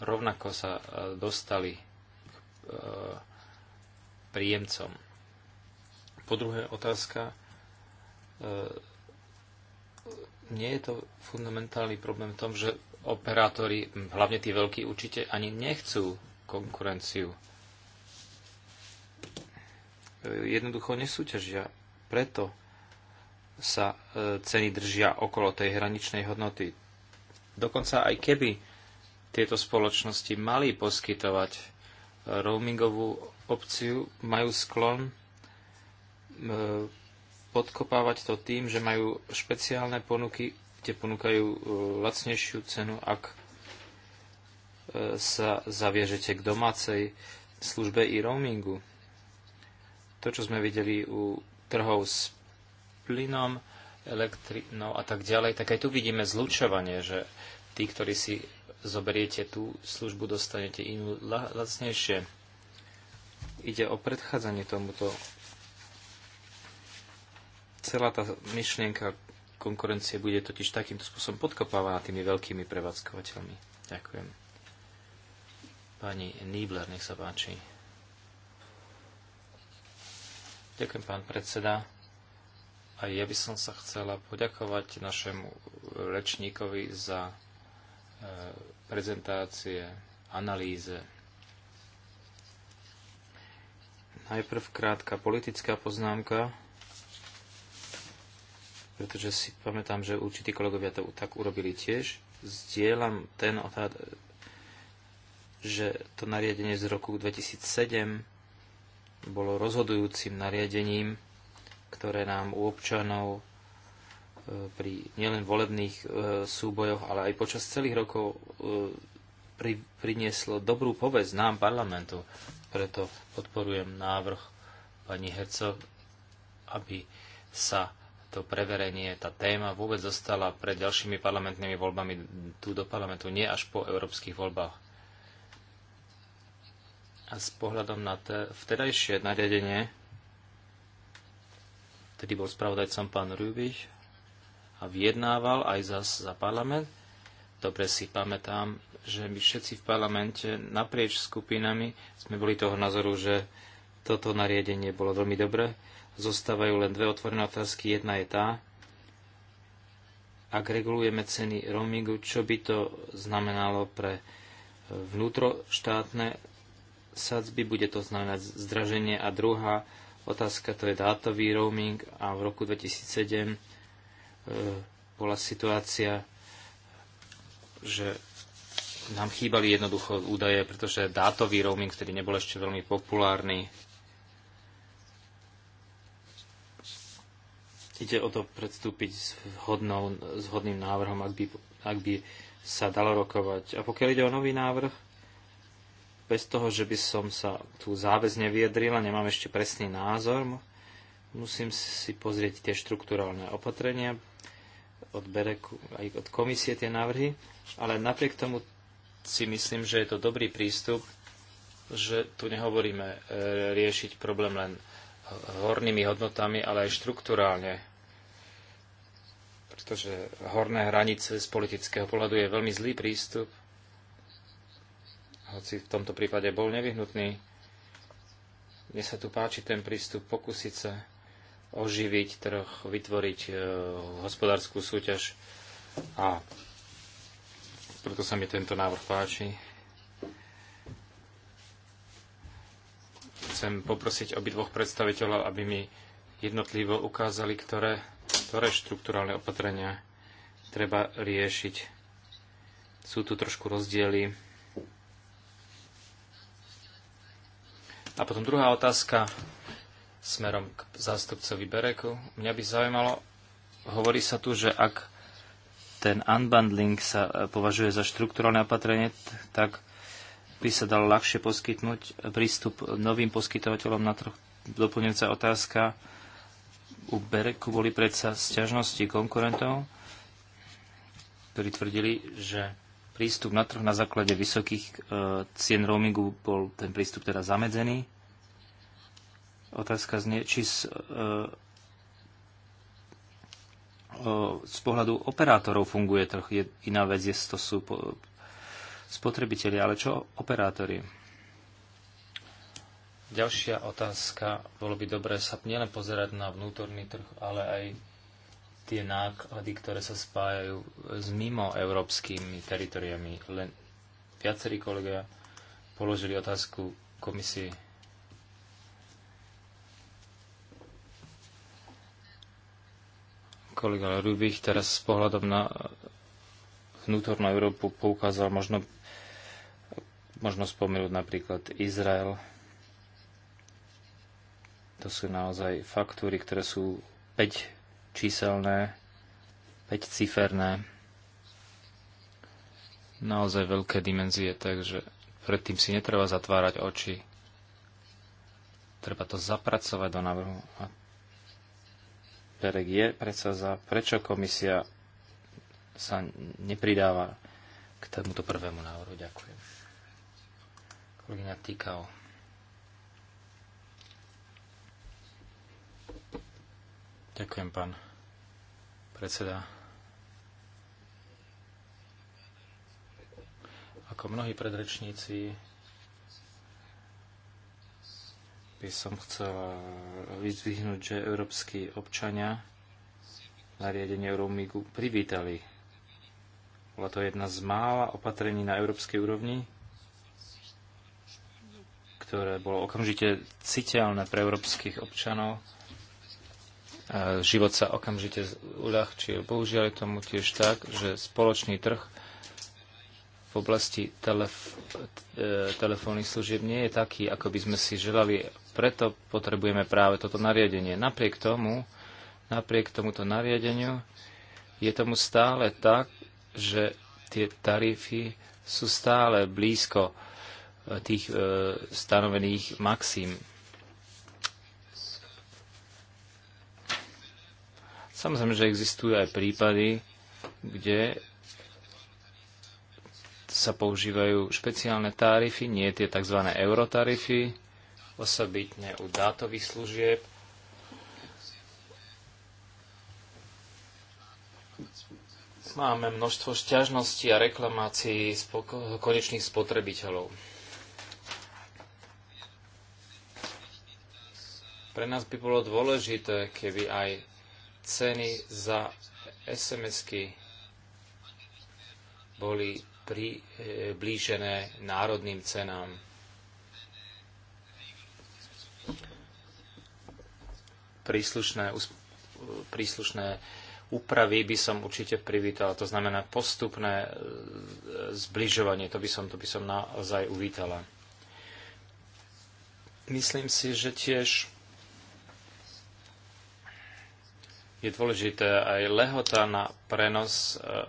rovnako sa e, dostali k e, príjemcom. Po druhé otázka e, nie je to fundamentálny problém v tom, že operátori, hlavne tí veľkí, určite ani nechcú konkurenciu. E, jednoducho nesúťažia. Preto sa e, ceny držia okolo tej hraničnej hodnoty. Dokonca aj keby tieto spoločnosti mali poskytovať e, roamingovú opciu, majú sklon podkopávať to tým, že majú špeciálne ponuky, kde ponúkajú e, lacnejšiu cenu, ak e, sa zaviežete k domácej službe i roamingu. To, čo sme videli u trhov s plynom, elektrinou a tak ďalej, tak aj tu vidíme zlučovanie, že tí, ktorí si zoberiete tú službu, dostanete inú lacnejšie. Ide o predchádzanie tomuto Celá tá myšlienka konkurencie bude totiž takýmto spôsobom podkopávaná tými veľkými prevádzkovateľmi. Ďakujem. Pani Niebler, nech sa páči. Ďakujem, pán predseda. A ja by som sa chcela poďakovať našemu rečníkovi za e, prezentácie, analýze. Najprv krátka politická poznámka pretože si pamätám, že určití kolegovia to tak urobili tiež. Zdieľam ten odhad, že to nariadenie z roku 2007 bolo rozhodujúcim nariadením, ktoré nám u občanov e, pri nielen volebných e, súbojoch, ale aj počas celých rokov e, pri, prinieslo dobrú povesť nám parlamentu. Preto podporujem návrh pani herco, aby sa to preverenie, tá téma vôbec zostala pred ďalšími parlamentnými voľbami tu do parlamentu, nie až po európskych voľbách. A s pohľadom na te, vtedajšie nariadenie, tedy bol spravodajcom pán Rubich a vyjednával aj za, za parlament, dobre si pamätám, že my všetci v parlamente naprieč skupinami sme boli toho názoru, že toto nariadenie bolo veľmi dobré. Zostávajú len dve otvorené otázky. Jedna je tá, ak regulujeme ceny roamingu, čo by to znamenalo pre e, vnútroštátne sadzby, bude to znamenať zdraženie. A druhá otázka, to je dátový roaming a v roku 2007 e, bola situácia, že nám chýbali jednoducho údaje, pretože dátový roaming, ktorý nebol ešte veľmi populárny, Ide o to predstúpiť s, hodnou, s hodným návrhom, ak by, ak by sa dalo rokovať. A pokiaľ ide o nový návrh, bez toho, že by som sa tu záväzne vyjadrila, nemám ešte presný názor, musím si pozrieť tie štruktúralné opatrenia od Bereku aj od komisie tie návrhy, ale napriek tomu si myslím, že je to dobrý prístup, že tu nehovoríme e, riešiť problém len e, hornými hodnotami, ale aj štruktúrálne pretože horné hranice z politického pohľadu je veľmi zlý prístup, hoci v tomto prípade bol nevyhnutný. Mne sa tu páči ten prístup pokúsiť sa oživiť trh, vytvoriť e, hospodárskú súťaž a preto sa mi tento návrh páči. Chcem poprosiť obidvoch predstaviteľov, aby mi jednotlivo ukázali, ktoré ktoré štruktúrálne opatrenia treba riešiť. Sú tu trošku rozdiely. A potom druhá otázka smerom k zástupcovi Bereku. Mňa by zaujímalo, hovorí sa tu, že ak ten unbundling sa e, považuje za štruktúrálne opatrenie, tak by sa dal ľahšie poskytnúť prístup novým poskytovateľom na trh. Doplňujúca otázka, u Bereku boli predsa sťažnosti konkurentov, ktorí tvrdili, že prístup na trh na základe vysokých e, cien roamingu bol ten prístup teda zamedzený. Otázka znie, či z, e, z pohľadu operátorov funguje trh. Je, iná vec je, to sú po, spotrebitelia, ale čo operátori? Ďalšia otázka. Bolo by dobré sa nielen pozerať na vnútorný trh, ale aj tie náklady, ktoré sa spájajú s mimo európskymi teritoriami. Len viacerí kolegovia položili otázku komisii. Kolega Rubich teraz s pohľadom na vnútornú Európu poukázal možno, možno spomenúť napríklad Izrael, to sú naozaj faktúry, ktoré sú 5 číselné, 5 ciferné. Naozaj veľké dimenzie, takže predtým si netreba zatvárať oči. Treba to zapracovať do návrhu. A Perek je predsa za, prečo komisia sa nepridáva k tomuto prvému návrhu. Ďakujem. Kolegyňa Tikao. Ďakujem, pán predseda. Ako mnohí predrečníci by som chcela vyzvihnúť, že európsky občania nariadenie Euromigu privítali. Bola to jedna z mála opatrení na európskej úrovni, ktoré bolo okamžite citeľné pre európskych občanov život sa okamžite uľahčil. Bohužiaľ je tomu tiež tak, že spoločný trh v oblasti telef- e, telefónnych služieb nie je taký, ako by sme si želali. Preto potrebujeme práve toto nariadenie. Napriek tomu, napriek tomuto nariadeniu je tomu stále tak, že tie tarify sú stále blízko e, tých e, stanovených maxim. Samozrejme, že existujú aj prípady, kde sa používajú špeciálne tarify, nie tie tzv. eurotarify, osobitne u dátových služieb. Máme množstvo šťažností a reklamácií konečných spotrebiteľov. Pre nás by bolo dôležité, keby aj ceny za SMS-ky boli priblížené e, národným cenám. Príslušné, príslušné úpravy by som určite privítala, To znamená postupné e, zbližovanie. To by som, to by som naozaj uvítala. Myslím si, že tiež je dôležité aj lehota na prenos eh,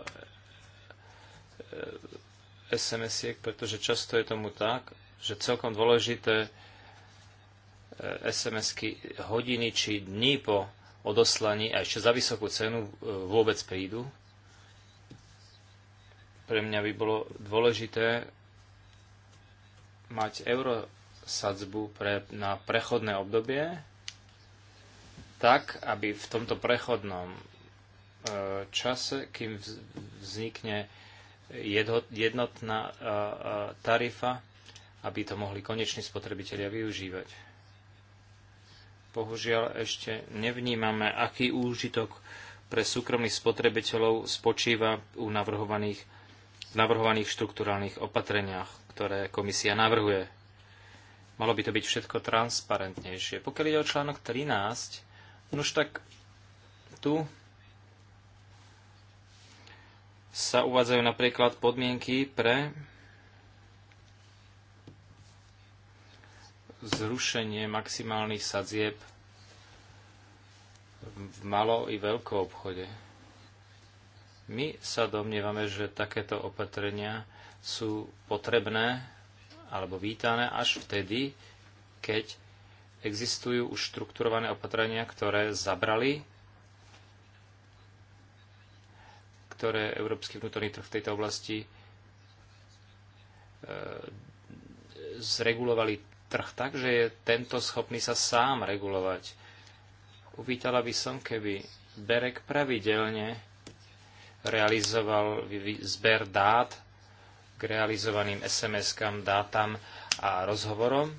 eh, SMS-iek, pretože často je tomu tak, že celkom dôležité eh, SMS-ky hodiny či dní po odoslaní a ešte za vysokú cenu vôbec prídu. Pre mňa by bolo dôležité mať eurosadzbu pre, na prechodné obdobie, tak, aby v tomto prechodnom e, čase, kým vznikne jednotná e, e, tarifa, aby to mohli koneční spotrebitelia využívať. Bohužiaľ ešte nevnímame, aký úžitok pre súkromných spotrebiteľov spočíva u navrhovaných, v navrhovaných štruktúrálnych opatreniach, ktoré komisia navrhuje. Malo by to byť všetko transparentnejšie. Pokiaľ ide o článok 13, Nož tak tu sa uvádzajú napríklad podmienky pre zrušenie maximálnych sadzieb v malo i veľkom obchode. My sa domnievame, že takéto opatrenia sú potrebné alebo vítané až vtedy, keď existujú už štrukturované opatrenia, ktoré zabrali, ktoré európsky vnútorný trh v tejto oblasti e, zregulovali trh tak, že je tento schopný sa sám regulovať. Uvítala by som, keby Berek pravidelne realizoval zber dát k realizovaným SMS-kam, dátam a rozhovorom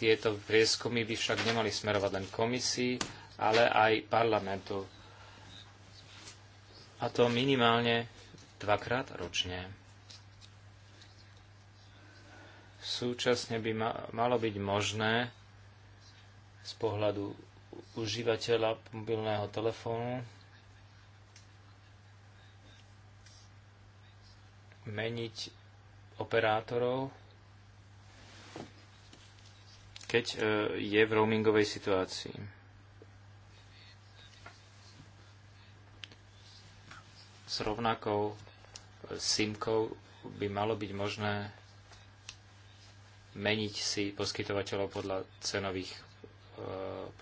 tieto prieskumy by však nemali smerovať len komisii, ale aj parlamentu. A to minimálne dvakrát ročne. Súčasne by ma, malo byť možné z pohľadu užívateľa mobilného telefónu meniť operátorov keď e, je v roamingovej situácii. S rovnakou e, SIMkou by malo byť možné meniť si poskytovateľov podľa cenových e,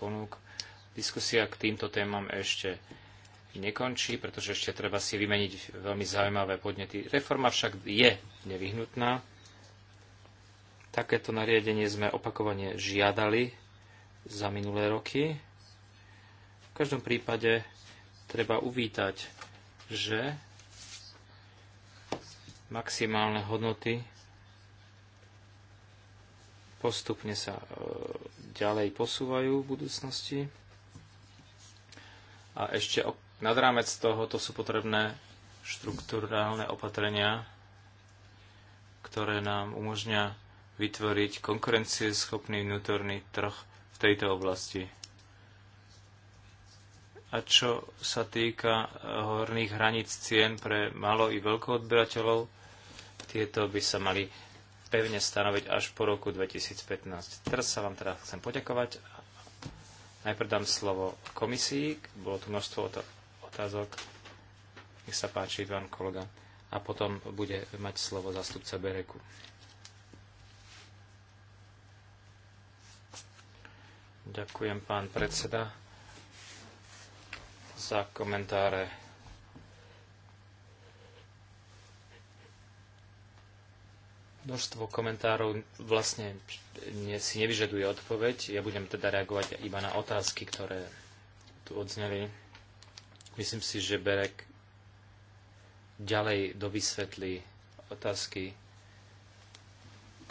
ponúk. Diskusia k týmto témam ešte nekončí, pretože ešte treba si vymeniť veľmi zaujímavé podnety. Reforma však je nevyhnutná Takéto nariadenie sme opakovane žiadali za minulé roky. V každom prípade treba uvítať, že maximálne hodnoty postupne sa e, ďalej posúvajú v budúcnosti. A ešte nad rámec tohoto sú potrebné štruktúrálne opatrenia, ktoré nám umožňa vytvoriť konkurencieschopný vnútorný trh v tejto oblasti. A čo sa týka eh, horných hraníc cien pre malo i odberateľov, tieto by sa mali pevne stanoviť až po roku 2015. Teraz sa vám teda chcem poďakovať. Najprv dám slovo komisii, bolo tu množstvo otázok. Nech sa páči, pán kolega. A potom bude mať slovo zastupca Bereku. Ďakujem, pán predseda, za komentáre. Množstvo komentárov vlastne si nevyžaduje odpoveď. Ja budem teda reagovať iba na otázky, ktoré tu odzneli. Myslím si, že Berek ďalej dovysvetlí otázky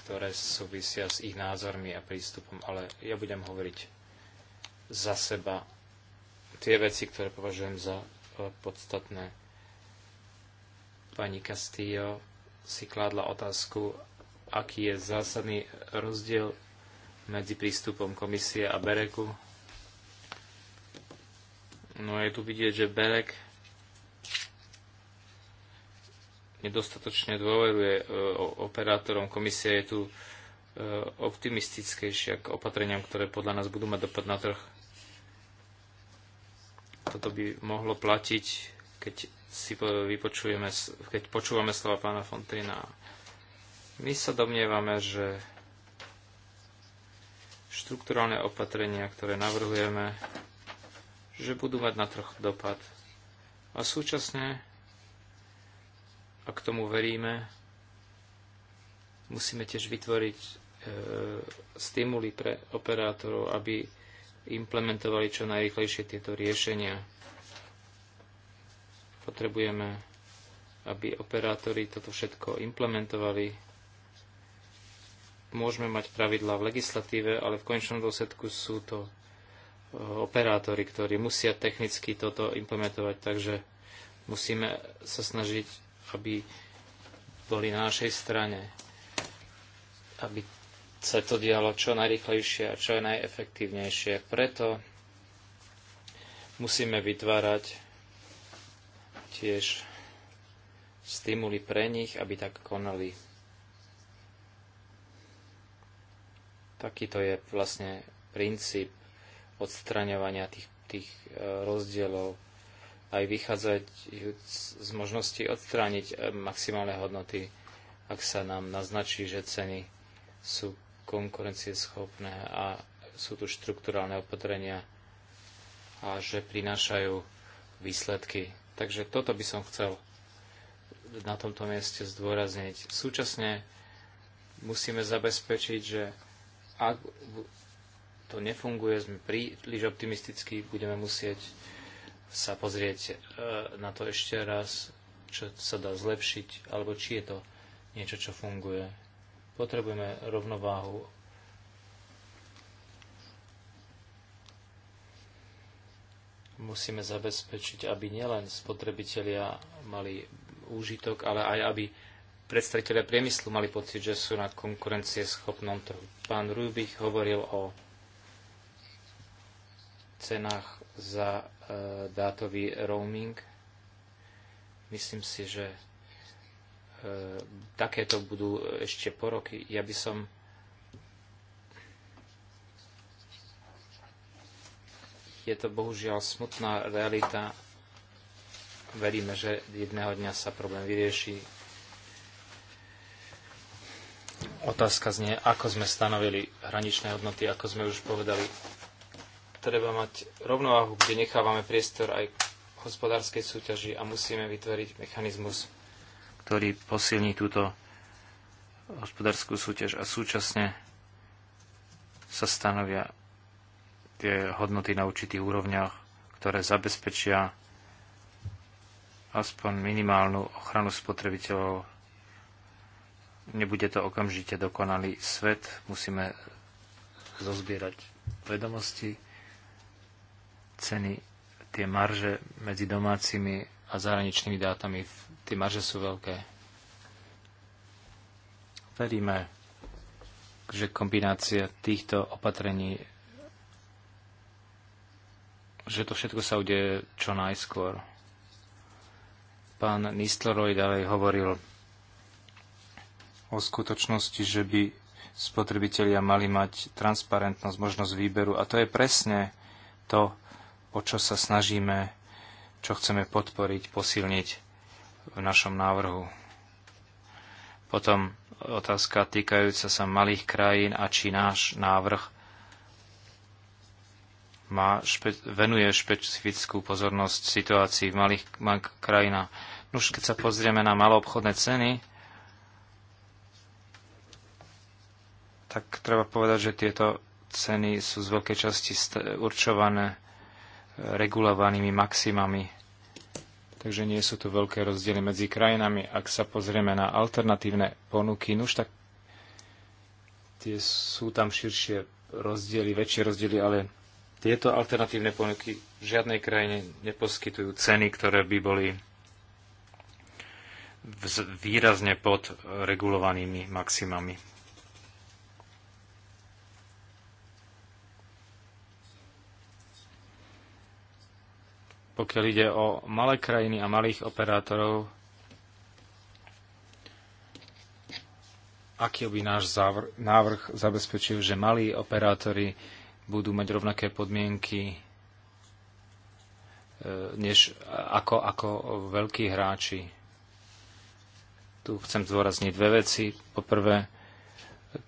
ktoré súvisia s ich názormi a prístupom, ale ja budem hovoriť za seba tie veci, ktoré považujem za e, podstatné. Pani Castillo si kládla otázku, aký je zásadný rozdiel medzi prístupom komisie a Bereku. No je tu vidieť, že Berek nedostatočne dôveruje e, operátorom. Komisia je tu e, optimistickejšia k opatreniam, ktoré podľa nás budú mať dopad na trh. Toto by mohlo platiť, keď si vypočujeme, keď počúvame slova pána Fontrina. My sa domnievame, že štruktúrálne opatrenia, ktoré navrhujeme, že budú mať na trh dopad. A súčasne ak tomu veríme, musíme tiež vytvoriť e, stimuly pre operátorov, aby implementovali čo najrychlejšie tieto riešenia. Potrebujeme, aby operátori toto všetko implementovali. Môžeme mať pravidlá v legislatíve, ale v konečnom dôsledku sú to e, operátori, ktorí musia technicky toto implementovať, takže musíme sa snažiť aby boli na našej strane, aby sa to dialo čo najrychlejšie a čo najefektívnejšie. Preto musíme vytvárať tiež stimuly pre nich, aby tak konali. Takýto je vlastne princíp odstraňovania tých, tých e, rozdielov aj vychádzať z možnosti odstrániť eh, maximálne hodnoty, ak sa nám naznačí, že ceny sú konkurencieschopné a sú tu štrukturálne opatrenia a že prinášajú výsledky. Takže toto by som chcel na tomto mieste zdôrazniť. Súčasne musíme zabezpečiť, že ak to nefunguje, sme príliš optimistickí, budeme musieť sa pozrieť e, na to ešte raz, čo sa dá zlepšiť, alebo či je to niečo, čo funguje. Potrebujeme rovnováhu musíme zabezpečiť, aby nielen spotrebitelia mali úžitok, ale aj aby predstavitelia priemyslu mali pocit, že sú na schopnom trhu. Pán Rubich hovoril o cenách za E, dátový roaming. Myslím si, že e, takéto budú ešte po roky. Ja by som je to bohužiaľ smutná realita. Veríme, že jedného dňa sa problém vyrieši. Otázka znie, ako sme stanovili hraničné hodnoty, ako sme už povedali, treba mať rovnováhu, kde nechávame priestor aj hospodárskej súťaži a musíme vytvoriť mechanizmus, ktorý posilní túto hospodárskú súťaž a súčasne sa stanovia tie hodnoty na určitých úrovniach, ktoré zabezpečia aspoň minimálnu ochranu spotrebiteľov. Nebude to okamžite dokonalý svet, musíme zozbierať vedomosti ceny, tie marže medzi domácimi a zahraničnými dátami, tie marže sú veľké. Veríme, že kombinácia týchto opatrení že to všetko sa udeje čo najskôr. Pán Nistleroy ďalej hovoril o skutočnosti, že by spotrebitelia mali mať transparentnosť, možnosť výberu. A to je presne to, o čo sa snažíme, čo chceme podporiť, posilniť v našom návrhu. Potom otázka týkajúca sa malých krajín a či náš návrh má špe- venuje špecifickú pozornosť situácii v malých krajinách. Už keď sa pozrieme na maloobchodné ceny, tak treba povedať, že tieto ceny sú z veľkej časti určované regulovanými maximami. Takže nie sú tu veľké rozdiely medzi krajinami. Ak sa pozrieme na alternatívne ponuky, nuž tak tie sú tam širšie rozdiely, väčšie rozdiely, ale tieto alternatívne ponuky v žiadnej krajine neposkytujú ceny, ktoré by boli výrazne pod regulovanými maximami. Pokiaľ ide o malé krajiny a malých operátorov, aký by náš závr- návrh zabezpečil, že malí operátori budú mať rovnaké podmienky e, než ako, ako veľkí hráči. Tu chcem zdôrazniť dve veci. Poprvé,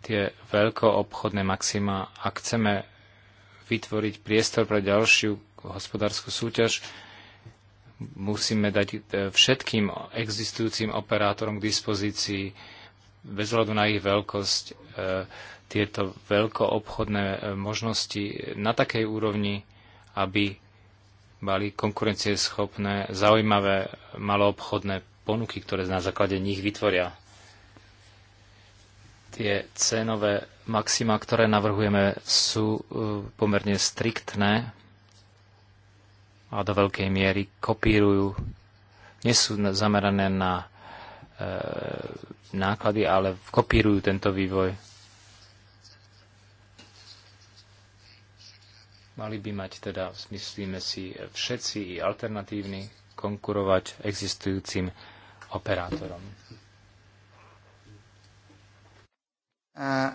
tie veľkoobchodné maxima, ak chceme vytvoriť priestor pre ďalšiu hospodárskú súťaž, musíme dať e, všetkým existujúcim operátorom k dispozícii bez hľadu na ich veľkosť e, tieto veľkoobchodné e, možnosti na takej úrovni, aby mali konkurencieschopné, zaujímavé maloobchodné ponuky, ktoré na základe nich vytvoria. Tie cenové maxima, ktoré navrhujeme, sú pomerne striktné, a do veľkej miery kopírujú, nie sú zamerané na e, náklady, ale kopírujú tento vývoj. Mali by mať teda, myslíme si, všetci i alternatívni konkurovať existujúcim operátorom. Uh,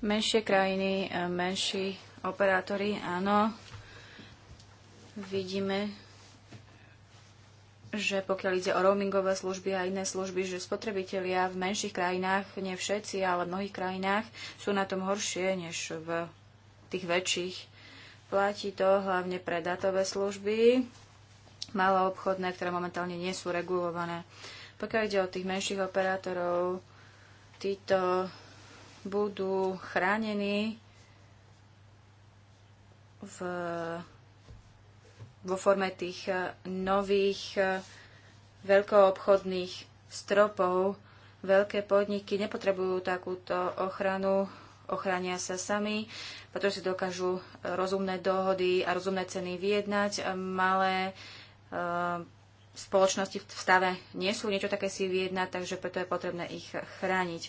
Menšie krajiny, e, menší operátori, áno, vidíme, že pokiaľ ide o roamingové služby a iné služby, že spotrebitelia v menších krajinách, nie všetci, ale v mnohých krajinách sú na tom horšie než v tých väčších. Platí to hlavne pre datové služby, malé obchodné, ktoré momentálne nie sú regulované. Pokiaľ ide o tých menších operátorov, títo budú chránení v, vo forme tých eh, nových eh, veľkoobchodných stropov. Veľké podniky nepotrebujú takúto ochranu, ochránia sa sami, pretože si dokážu eh, rozumné dohody a rozumné ceny vyjednať. Malé spoločnosti v stave nie sú niečo také si vyjednať, takže preto je potrebné ich chrániť.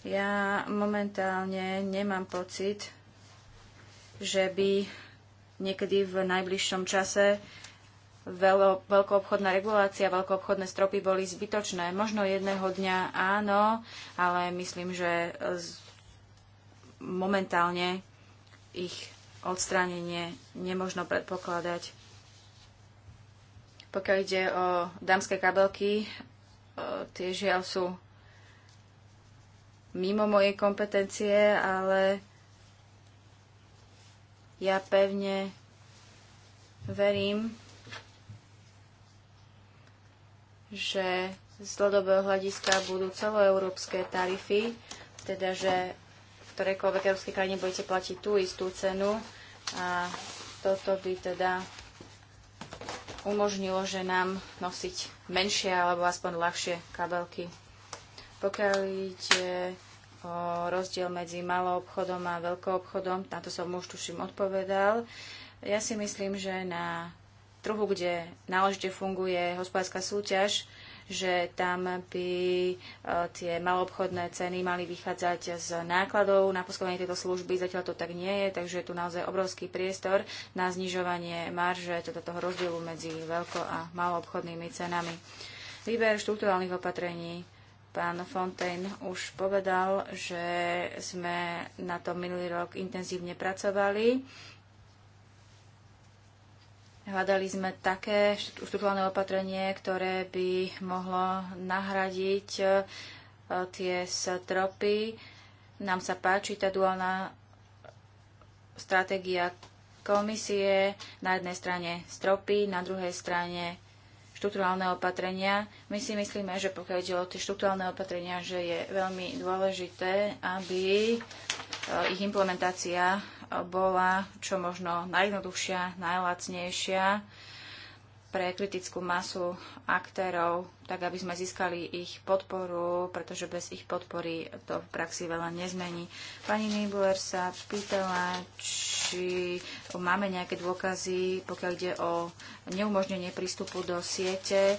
Ja momentálne nemám pocit, že by niekedy v najbližšom čase veľo, veľkoobchodná regulácia, veľkoobchodné stropy boli zbytočné. Možno jedného dňa áno, ale myslím, že momentálne ich odstránenie nemožno predpokladať. Pokiaľ ide o dámske kabelky, e, tie žiaľ sú mimo mojej kompetencie, ale ja pevne verím, že z dlhodobého hľadiska budú celoeurópske tarify, teda že v ktorejkoľvek európskej krajine budete platiť tú istú cenu a toto by teda umožnilo, že nám nosiť menšie alebo aspoň ľahšie kabelky. Pokiaľ ide o rozdiel medzi malou obchodom a veľkou obchodom, na to som už tuším odpovedal, ja si myslím, že na trhu, kde náležite funguje hospodárska súťaž, že tam by e, tie maloobchodné ceny mali vychádzať z nákladov na poskytovanie tejto služby. Zatiaľ to tak nie je, takže je tu naozaj obrovský priestor na znižovanie marže, teda toho rozdielu medzi veľko- a maloobchodnými cenami. Výber štruktúrálnych opatrení Pán Fontaine už povedal, že sme na to minulý rok intenzívne pracovali. Hľadali sme také štruktúrne opatrenie, ktoré by mohlo nahradiť e, tie stropy. Nám sa páči tá duálna stratégia komisie. Na jednej strane stropy, na druhej strane štruktúrálne opatrenia. My si myslíme, že pokiaľ ide o tie štruktúrálne opatrenia, že je veľmi dôležité, aby eh, ich implementácia bola čo možno najjednoduchšia, najlacnejšia pre kritickú masu aktérov, tak aby sme získali ich podporu, pretože bez ich podpory to v praxi veľa nezmení. Pani Nibler sa pýtala, či máme nejaké dôkazy, pokiaľ ide o neumožnenie prístupu do siete. E,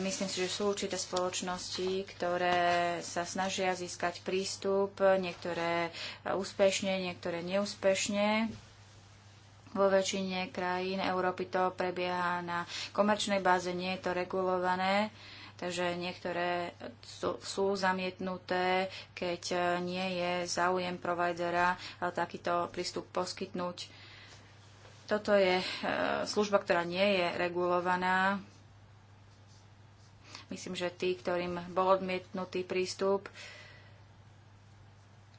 myslím si, že sú určité spoločnosti, ktoré sa snažia získať prístup, niektoré úspešne, niektoré neúspešne vo väčšine krajín Európy to prebieha na komerčnej báze, nie je to regulované. Takže niektoré sú, zamietnuté, keď e, nie je záujem providera e, takýto prístup poskytnúť. Toto je e, služba, ktorá nie je regulovaná. Myslím, že tí, ktorým bol odmietnutý prístup,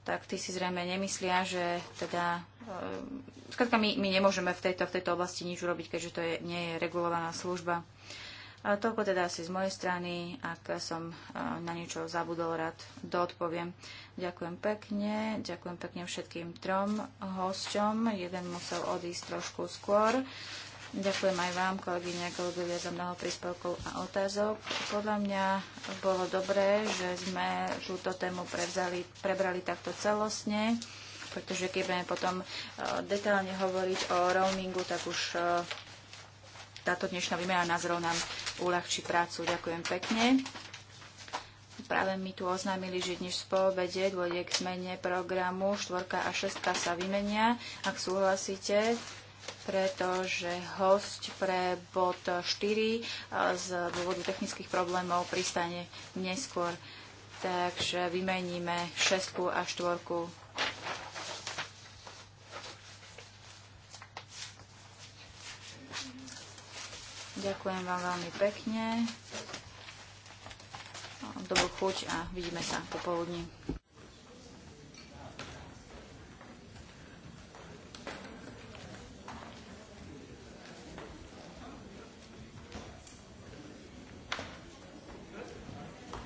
tak tí si zrejme nemyslia, že teda Ehm, Skladka, my, my nemôžeme v tejto, v tejto oblasti nič urobiť, keďže to je, nie je regulovaná služba. A toľko teda asi z mojej strany. Ak som e, na niečo zabudol, rád doodpoviem. Ďakujem pekne. Ďakujem pekne všetkým trom hosťom. Jeden musel odísť trošku skôr. Ďakujem aj vám, kolegyne a kolegovia, za mnoho príspevkov a otázok. Podľa mňa bolo dobré, že sme túto tému prevzali, prebrali takto celostne pretože keď budeme potom e, detálne hovoriť o roamingu, tak už e, táto dnešná výmena názorov nám uľahčí prácu. Ďakujem pekne. Práve mi tu oznámili, že dnes po obede dôjde k zmene programu. Štvorka a šestka sa vymenia, ak súhlasíte pretože host pre bod 4 e, z dôvodu technických problémov pristane neskôr. Takže vymeníme šestku a štvorku Ďakujem vám veľmi pekne. Dobrú chuť a vidíme sa popoludní.